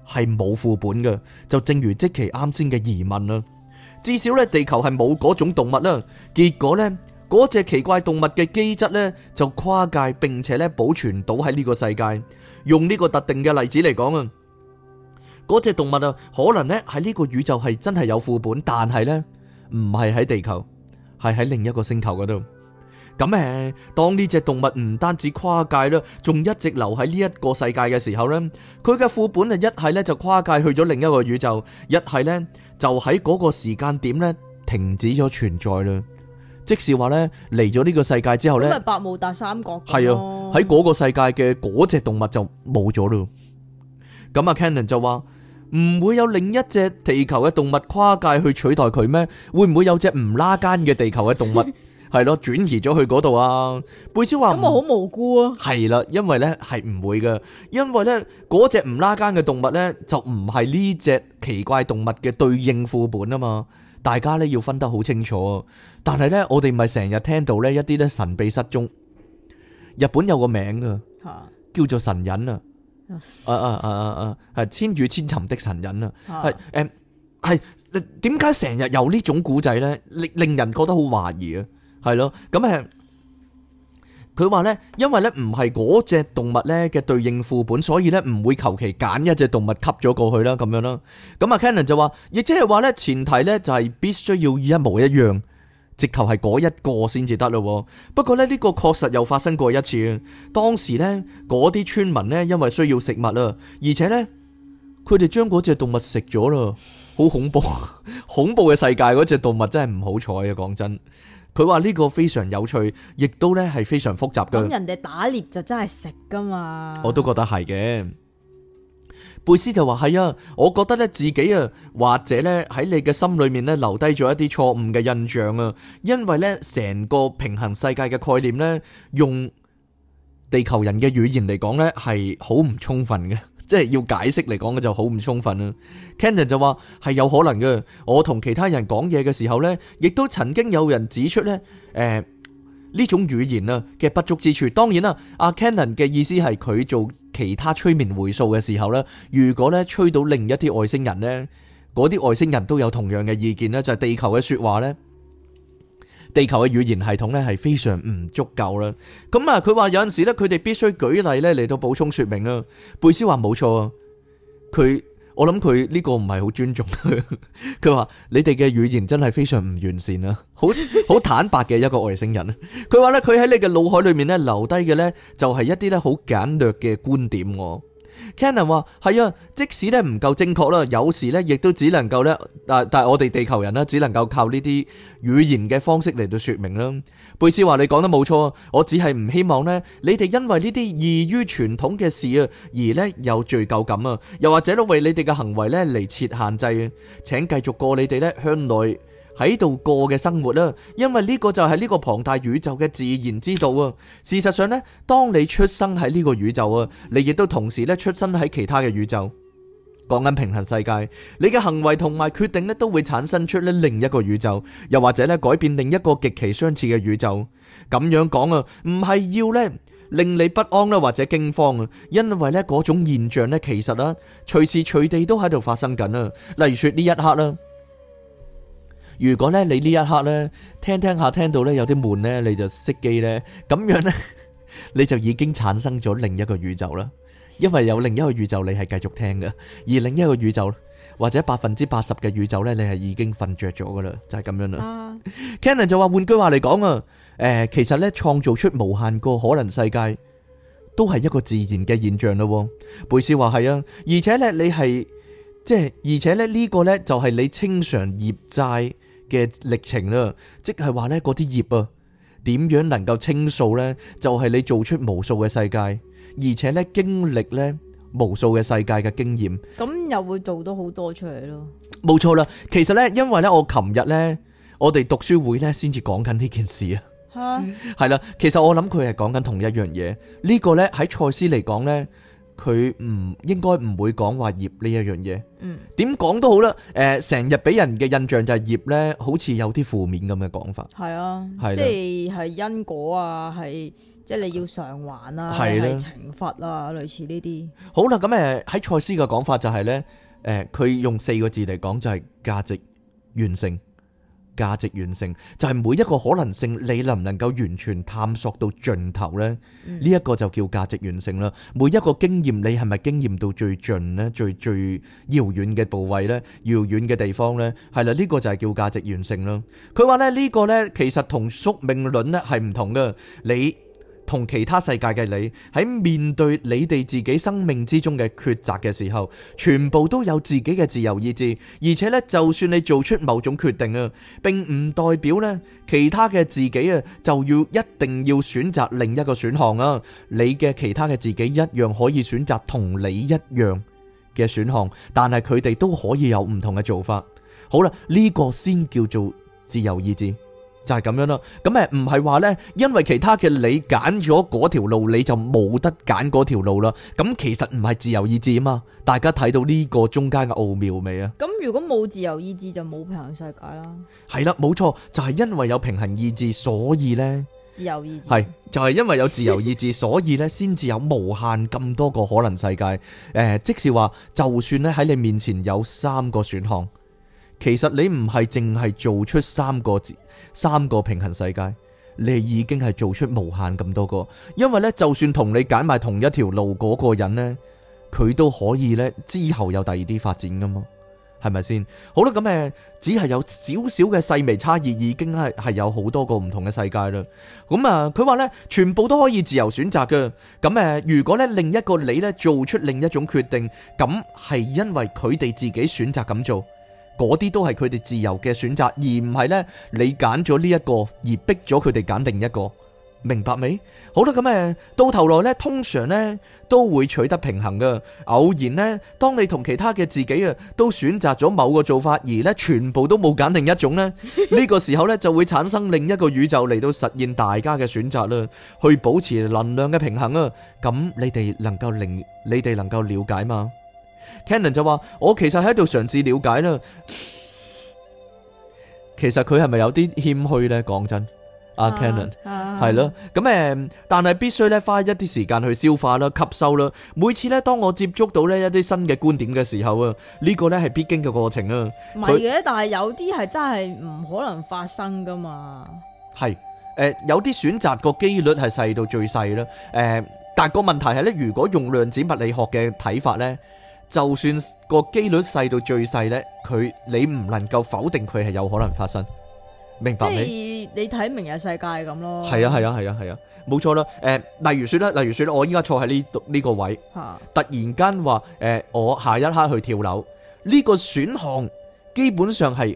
係冇副本嘅，就正如即其啱先嘅疑問啦。至少呢，地球係冇嗰種動物啦，結果呢，嗰隻奇怪動物嘅機質呢，就跨界並且呢保存到喺呢個世界。用呢個特定嘅例子嚟講啊。嗰隻動物啊，可能咧喺呢個宇宙係真係有副本，但係咧唔係喺地球，係喺另一個星球嗰度。咁誒，當呢隻動物唔單止跨界啦，仲一直留喺呢一個世界嘅時候咧，佢嘅副本啊，一係咧就跨界去咗另一個宇宙，一係咧就喺嗰個時間點咧停止咗存在啦。即是話咧嚟咗呢個世界之後咧，咁咪百慕達三角係啊，喺嗰個世界嘅嗰隻動物就冇咗咯。咁啊，Canon 就話唔會有另一隻地球嘅動物跨界去取代佢咩？會唔會有隻唔拉間嘅地球嘅動物係咯轉移咗去嗰度啊？貝斯話咁我好無辜啊！係啦，因為呢係唔會嘅，因為呢嗰隻唔拉間嘅動物呢，就唔係呢隻奇怪動物嘅對應副本啊嘛！大家呢要分得好清楚。但係呢，我哋咪成日聽到呢一啲咧神秘失蹤，日本有個名噶，叫做神隱啊。啊啊啊啊啊！係千與千尋的神隱啊，係誒係，點解成日有呢種古仔咧？令令人覺得好懷疑啊，係咯，咁誒，佢話咧，因為咧唔係嗰隻動物咧嘅對應副本，所以咧唔會求其揀一隻動物吸咗過去啦，咁樣咯。咁啊，Cannon 就話，亦即係話咧，前提咧就係必須要一模一樣。直頭係嗰一個先至得咯，不過呢，呢個確實又發生過一次。當時呢，嗰啲村民呢，因為需要食物啦，而且呢，佢哋將嗰隻動物食咗喇，好恐怖！ 恐怖嘅世界。嗰隻動物真係唔好彩呀，講真。佢話呢個非常有趣，亦都呢係非常複雜嘅。咁人哋打獵就真係食噶嘛？我都覺得係嘅。貝斯就話：係啊，我覺得咧自己啊，或者咧喺你嘅心裏面咧，留低咗一啲錯誤嘅印象啊。因為咧，成個平衡世界嘅概念咧，用地球人嘅語言嚟講咧，係好唔充分嘅， 即係要解釋嚟講嘅就好唔充分啊。Cannon 就話係有可能嘅，我同其他人講嘢嘅時候咧，亦都曾經有人指出咧，誒、呃。呢種語言啊嘅不足之處，當然啦，阿 Cannon 嘅意思係佢做其他催眠回溯嘅時候咧，如果咧吹到另一啲外星人咧，嗰啲外星人都有同樣嘅意見啦，就係地球嘅説話咧，地球嘅語言系統咧係非常唔足夠啦。咁啊，佢話有陣時咧，佢哋必須舉例咧嚟到補充説明啊。貝斯話冇錯啊，佢。我諗佢呢個唔係好尊重佢。 佢話你哋嘅語言真係非常唔完善啦，啊，好好坦白嘅一個外星人。佢話咧，佢喺你嘅腦海裏面咧留低嘅咧就係一啲咧好簡略嘅觀點。Canon 話：係啊，即使咧唔夠正確啦，有時咧亦都只能夠咧，但但係我哋地球人咧，只能夠靠呢啲語言嘅方式嚟到説明啦。貝斯話：你講得冇錯，我只係唔希望咧，你哋因為呢啲異於傳統嘅事啊，而咧有罪疚感啊，又或者都為你哋嘅行為咧嚟設限制啊。請繼續過你哋咧向內。喺度過嘅生活啦，因為呢個就係呢個龐大宇宙嘅自然之道啊。事實上呢，當你出生喺呢個宇宙啊，你亦都同時咧出生喺其他嘅宇宙。講緊平衡世界，你嘅行為同埋決定呢，都會產生出呢另一個宇宙，又或者咧改變另一個極其相似嘅宇宙。咁樣講啊，唔係要呢令你不安啦，或者驚慌啊，因為呢嗰種現象呢，其實啦，隨時隨地都喺度發生緊啊。例如說呢一刻啦。如果咧你呢一刻咧，聽聽下聽到咧有啲悶咧，你就熄機咧，咁樣咧你就已經產生咗另一個宇宙啦。因為有另一個宇宙你係繼續聽噶，而另一個宇宙或者百分之八十嘅宇宙咧，你係已經瞓著咗噶啦，就係咁樣啦。Cannon 就話換句話嚟講啊，誒其實咧創造出無限個可能世界都係一個自然嘅現象咯。貝斯話係啊，而且咧你係。即係而且咧呢個呢，就係你清償業債嘅歷程啦，即係話呢嗰啲業啊點樣能夠清算呢？就係你做出無數嘅世界，而且呢經歷呢無數嘅世界嘅經驗，咁又會做到好多出嚟咯。冇錯啦，其實呢，因為呢我琴日呢，我哋讀書會呢先至講緊呢件事啊，係啦哈， 其實我諗佢係講緊同一樣嘢，呢、呢個呢，喺賽斯嚟講呢。佢唔應該唔會講話業呢一樣嘢，點講、嗯、都好啦。誒、呃，成日俾人嘅印象就係業咧，好似有啲負面咁嘅講法。係啊，啊即係係因果啊，係即係你要償還啊，係、啊、懲罰啊，類似呢啲、啊。好啦，咁誒喺賽斯嘅講法就係、是、咧，誒、呃、佢用四個字嚟講就係價值完成。價值完成就係每一個可能性，你能唔能夠完全探索到盡頭咧？呢一個就叫價值完成啦。每一個經驗，你係咪經驗到最盡咧？最最遙遠嘅部位咧，遙遠嘅地方咧，係啦，呢個就係叫價值完成啦。佢話咧，呢個咧其實同宿命論咧係唔同噶。你同其他世界嘅你喺面對你哋自己生命之中嘅抉擇嘅時候，全部都有自己嘅自由意志，而且咧，就算你做出某種決定啊，並唔代表咧其他嘅自己啊就要一定要選擇另一個選項啊，你嘅其他嘅自己一樣可以選擇同你一樣嘅選項，但係佢哋都可以有唔同嘅做法。好啦，呢個先叫做自由意志。就係咁樣咯，咁誒唔係話咧，因為其他嘅你揀咗嗰條路，你就冇得揀嗰條路啦。咁其實唔係自由意志啊嘛，大家睇到呢個中間嘅奧妙未啊？咁如果冇自由意志，就冇平行世界啦。係啦，冇錯，就係因為有平衡意志，所以咧自由意志係就係因為有自由意志，所以咧先至有無限咁多個可能世界。誒，即使話就算咧喺你面前有三個選項。其實你唔係淨係做出三個三個平行世界，你已經係做出無限咁多個。因為咧，就算同你揀埋同一條路嗰個人咧，佢都可以咧之後有第二啲發展噶嘛，係咪先？好啦，咁誒，只係有少少嘅細微差異，已經係係有好多個唔同嘅世界啦。咁啊，佢話呢，全部都可以自由選擇嘅。咁誒，如果呢另一個你咧做出另一種決定，咁係因為佢哋自己選擇咁做。嗰啲都係佢哋自由嘅選擇，而唔係咧你揀咗呢一個而逼咗佢哋揀另一個，明白未？好啦，咁誒，到頭來咧，通常咧都會取得平衡噶。偶然咧，當你同其他嘅自己啊都選擇咗某個做法，而咧全部都冇揀另一種咧，呢個時候咧就會產生另一個宇宙嚟到實現大家嘅選擇啦，去保持能量嘅平衡啊。咁你哋能夠令，你哋能夠了解嗎？Cannon 就話，我其實喺度嘗試了解啦。其實佢係咪有啲謙虛咧？講真，阿 Cannon 係咯。咁誒，但係必須咧花一啲時間去消化啦、吸收啦。每次咧，當我接觸到咧一啲新嘅觀點嘅時候啊，呢個咧係必經嘅過程啊。唔係嘅，但係有啲係真係唔可能發生噶嘛。係誒，有啲選擇個幾率係細到最細啦。誒，但係個問題係咧，如果用量子物理學嘅睇法咧。就算個機率細到最細呢，佢你唔能夠否定佢係有可能發生，是明白未？即係你睇《明日世界》咁咯。係啊，係啊，係啊，係啊，冇錯啦。誒、呃，例如說啦，例如說啦，我依家坐喺呢度呢個位，哈突然間話誒，我下一刻去跳樓，呢、這個選項基本上係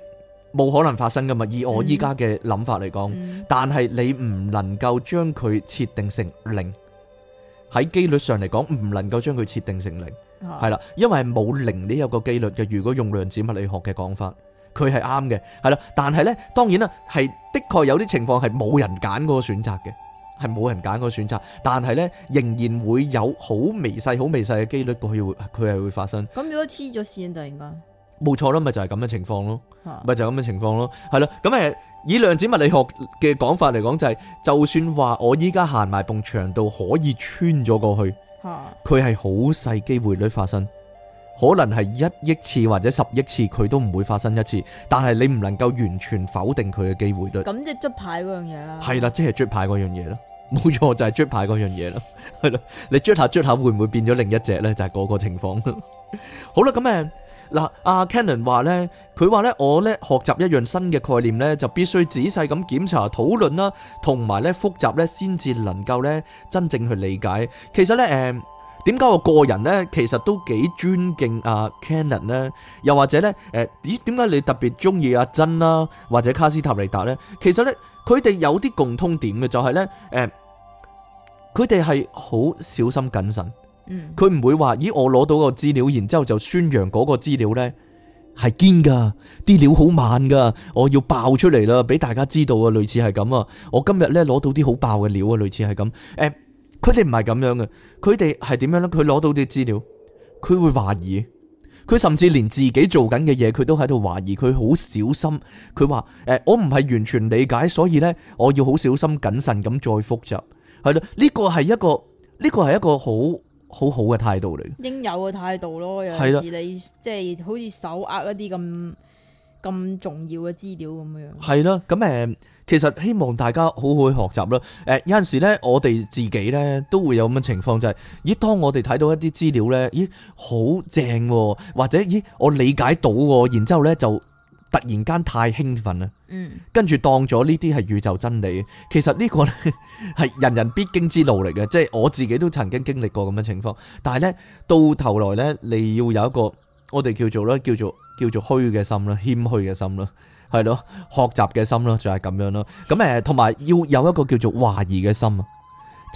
冇可能發生噶嘛。以我依家嘅諗法嚟講，嗯、但係你唔能夠將佢設定成零，喺機率上嚟講唔能夠將佢設定成零。係啦，因為冇零呢，有個機率嘅。如果用量子物理學嘅講法，佢係啱嘅，係啦。但係咧，當然啦，係的確有啲情況係冇人揀嗰個選擇嘅，係冇人揀個選擇。但係咧，仍然會有好微細、好微細嘅機率過去，佢係會發生。咁如果黐咗線突然間冇錯啦，咪就係咁嘅情況咯，咪的就係咁嘅情況咯，係咯。咁誒，以量子物理學嘅講法嚟講，就係、是、就算話我依家行埋埲牆度，可以穿咗過去。佢係好細機會率發生，可能係一億次或者十億次佢都唔會發生一次，但係你唔能夠完全否定佢嘅機會率。咁即係捽牌嗰樣嘢啦，係啦，即係捽牌嗰樣嘢咯，冇錯就係捽牌嗰樣嘢咯，係咯，你捽下捽下會唔會變咗另一隻咧？就係嗰個情況。 好啦，咁誒。嗱，阿 Cannon 話咧，佢話咧，我咧學習一樣新嘅概念咧，就必須仔細咁檢查、討論啦，同埋咧複習咧，先至能夠咧真正去理解。其實咧，誒點解我個人咧，其實都幾尊敬阿、啊、Cannon 咧，又或者咧，誒點點解你特別中意阿珍啦、啊，或者卡斯塔利達咧？其實咧，佢哋有啲共通點嘅，就係咧，誒佢哋係好小心謹慎。佢唔、嗯、會話，咦？我攞到個資料，然之後就宣揚嗰個資料呢係堅噶，啲料好猛噶，我要爆出嚟啦，俾大家知道啊！類似係咁啊，我今日呢攞到啲好爆嘅料啊！類似係咁，誒、欸，佢哋唔係咁樣嘅，佢哋係點樣呢？佢攞到啲資料，佢會懷疑，佢甚至連自己做緊嘅嘢，佢都喺度懷疑，佢好小心，佢話，誒，我唔係完全理解，所以呢，我要好小心謹慎咁再複習，係咯？呢個係一個，呢個係一個好。好好嘅態度嚟，應有嘅態度咯。有陣時你即係的好似手握一啲咁咁重要嘅資料咁樣。係啦，咁誒，其實希望大家好好學習啦。誒，有陣時咧，我哋自己咧都會有咁嘅情況，就係、是、咦，當我哋睇到一啲資料咧，咦，好正喎、啊，或者咦，我理解到喎，然之後咧就。突然間太興奮啦，嗯，跟住當咗呢啲係宇宙真理，其實呢個呢係人人必經之路嚟嘅，即係我自己都曾經經歷過咁嘅情況。但係呢到頭來呢，你要有一個我哋叫做咧叫做叫做虛嘅心啦，謙虛嘅心啦，係咯，學習嘅心咯，就係咁樣咯。咁誒，同埋要有一個叫做懷疑嘅心啊！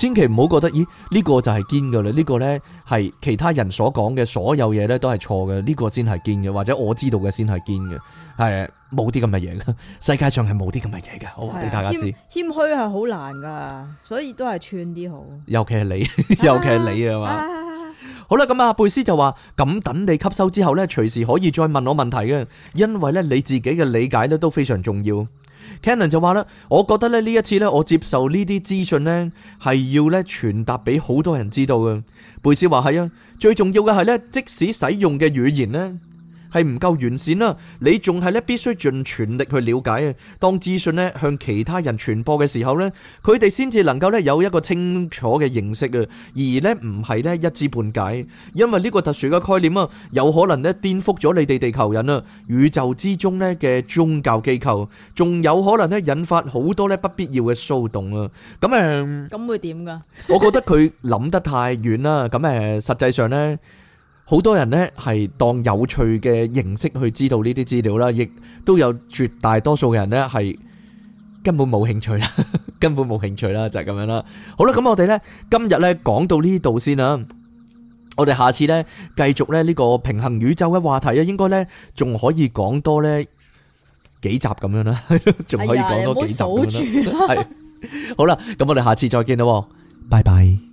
千祈唔好覺得，咦？呢個就係堅噶啦，呢個咧，係其他人所講嘅所有嘢咧都係錯嘅，呢個先係堅嘅，或者我知道嘅先係堅嘅，係冇啲咁嘅嘢噶，世界上係冇啲咁嘅嘢噶，好，我俾大家知。謙謙虛係好難噶，所以都係串啲好。尤其係你，尤其係你啊嘛。好啦，咁啊貝斯就話，咁等你吸收之後咧，隨時可以再問我問題嘅，因為咧你自己嘅理解咧都非常重要。Cannon 就話啦，我覺得咧呢一次咧，我接受呢啲資訊咧，係要咧傳達俾好多人知道嘅。貝斯話係啊，最重要嘅係咧，即使使用嘅語言咧，係唔夠完善啦，你仲係咧必須盡全力去了解啊。當資訊咧向其他人傳播嘅時候咧，佢哋先至能夠咧有一個清楚嘅認識啊，而咧唔係咧一知半解。因為呢個特殊嘅概念啊，有可能咧顛覆咗你哋地球人啊宇宙之中咧嘅宗教機構，仲有可能咧引發好多咧不必要嘅騷動啊。咁、嗯、誒，咁會點噶？ 我覺得佢諗得太遠啦。咁誒，實際上咧。好多人咧，係當有趣嘅形式去知道呢啲資料啦，亦都有絕大多數嘅人咧，係根本冇興趣啦，根本冇興趣啦，就係咁樣啦。好啦，咁我哋咧今日咧講到呢度先啦。我哋下次咧繼續咧呢個平行宇宙嘅話題啊，應該咧仲可以講多咧幾集咁樣啦，仲可以講多幾集咁樣啦。係好啦，咁我哋下次再見啦，拜拜。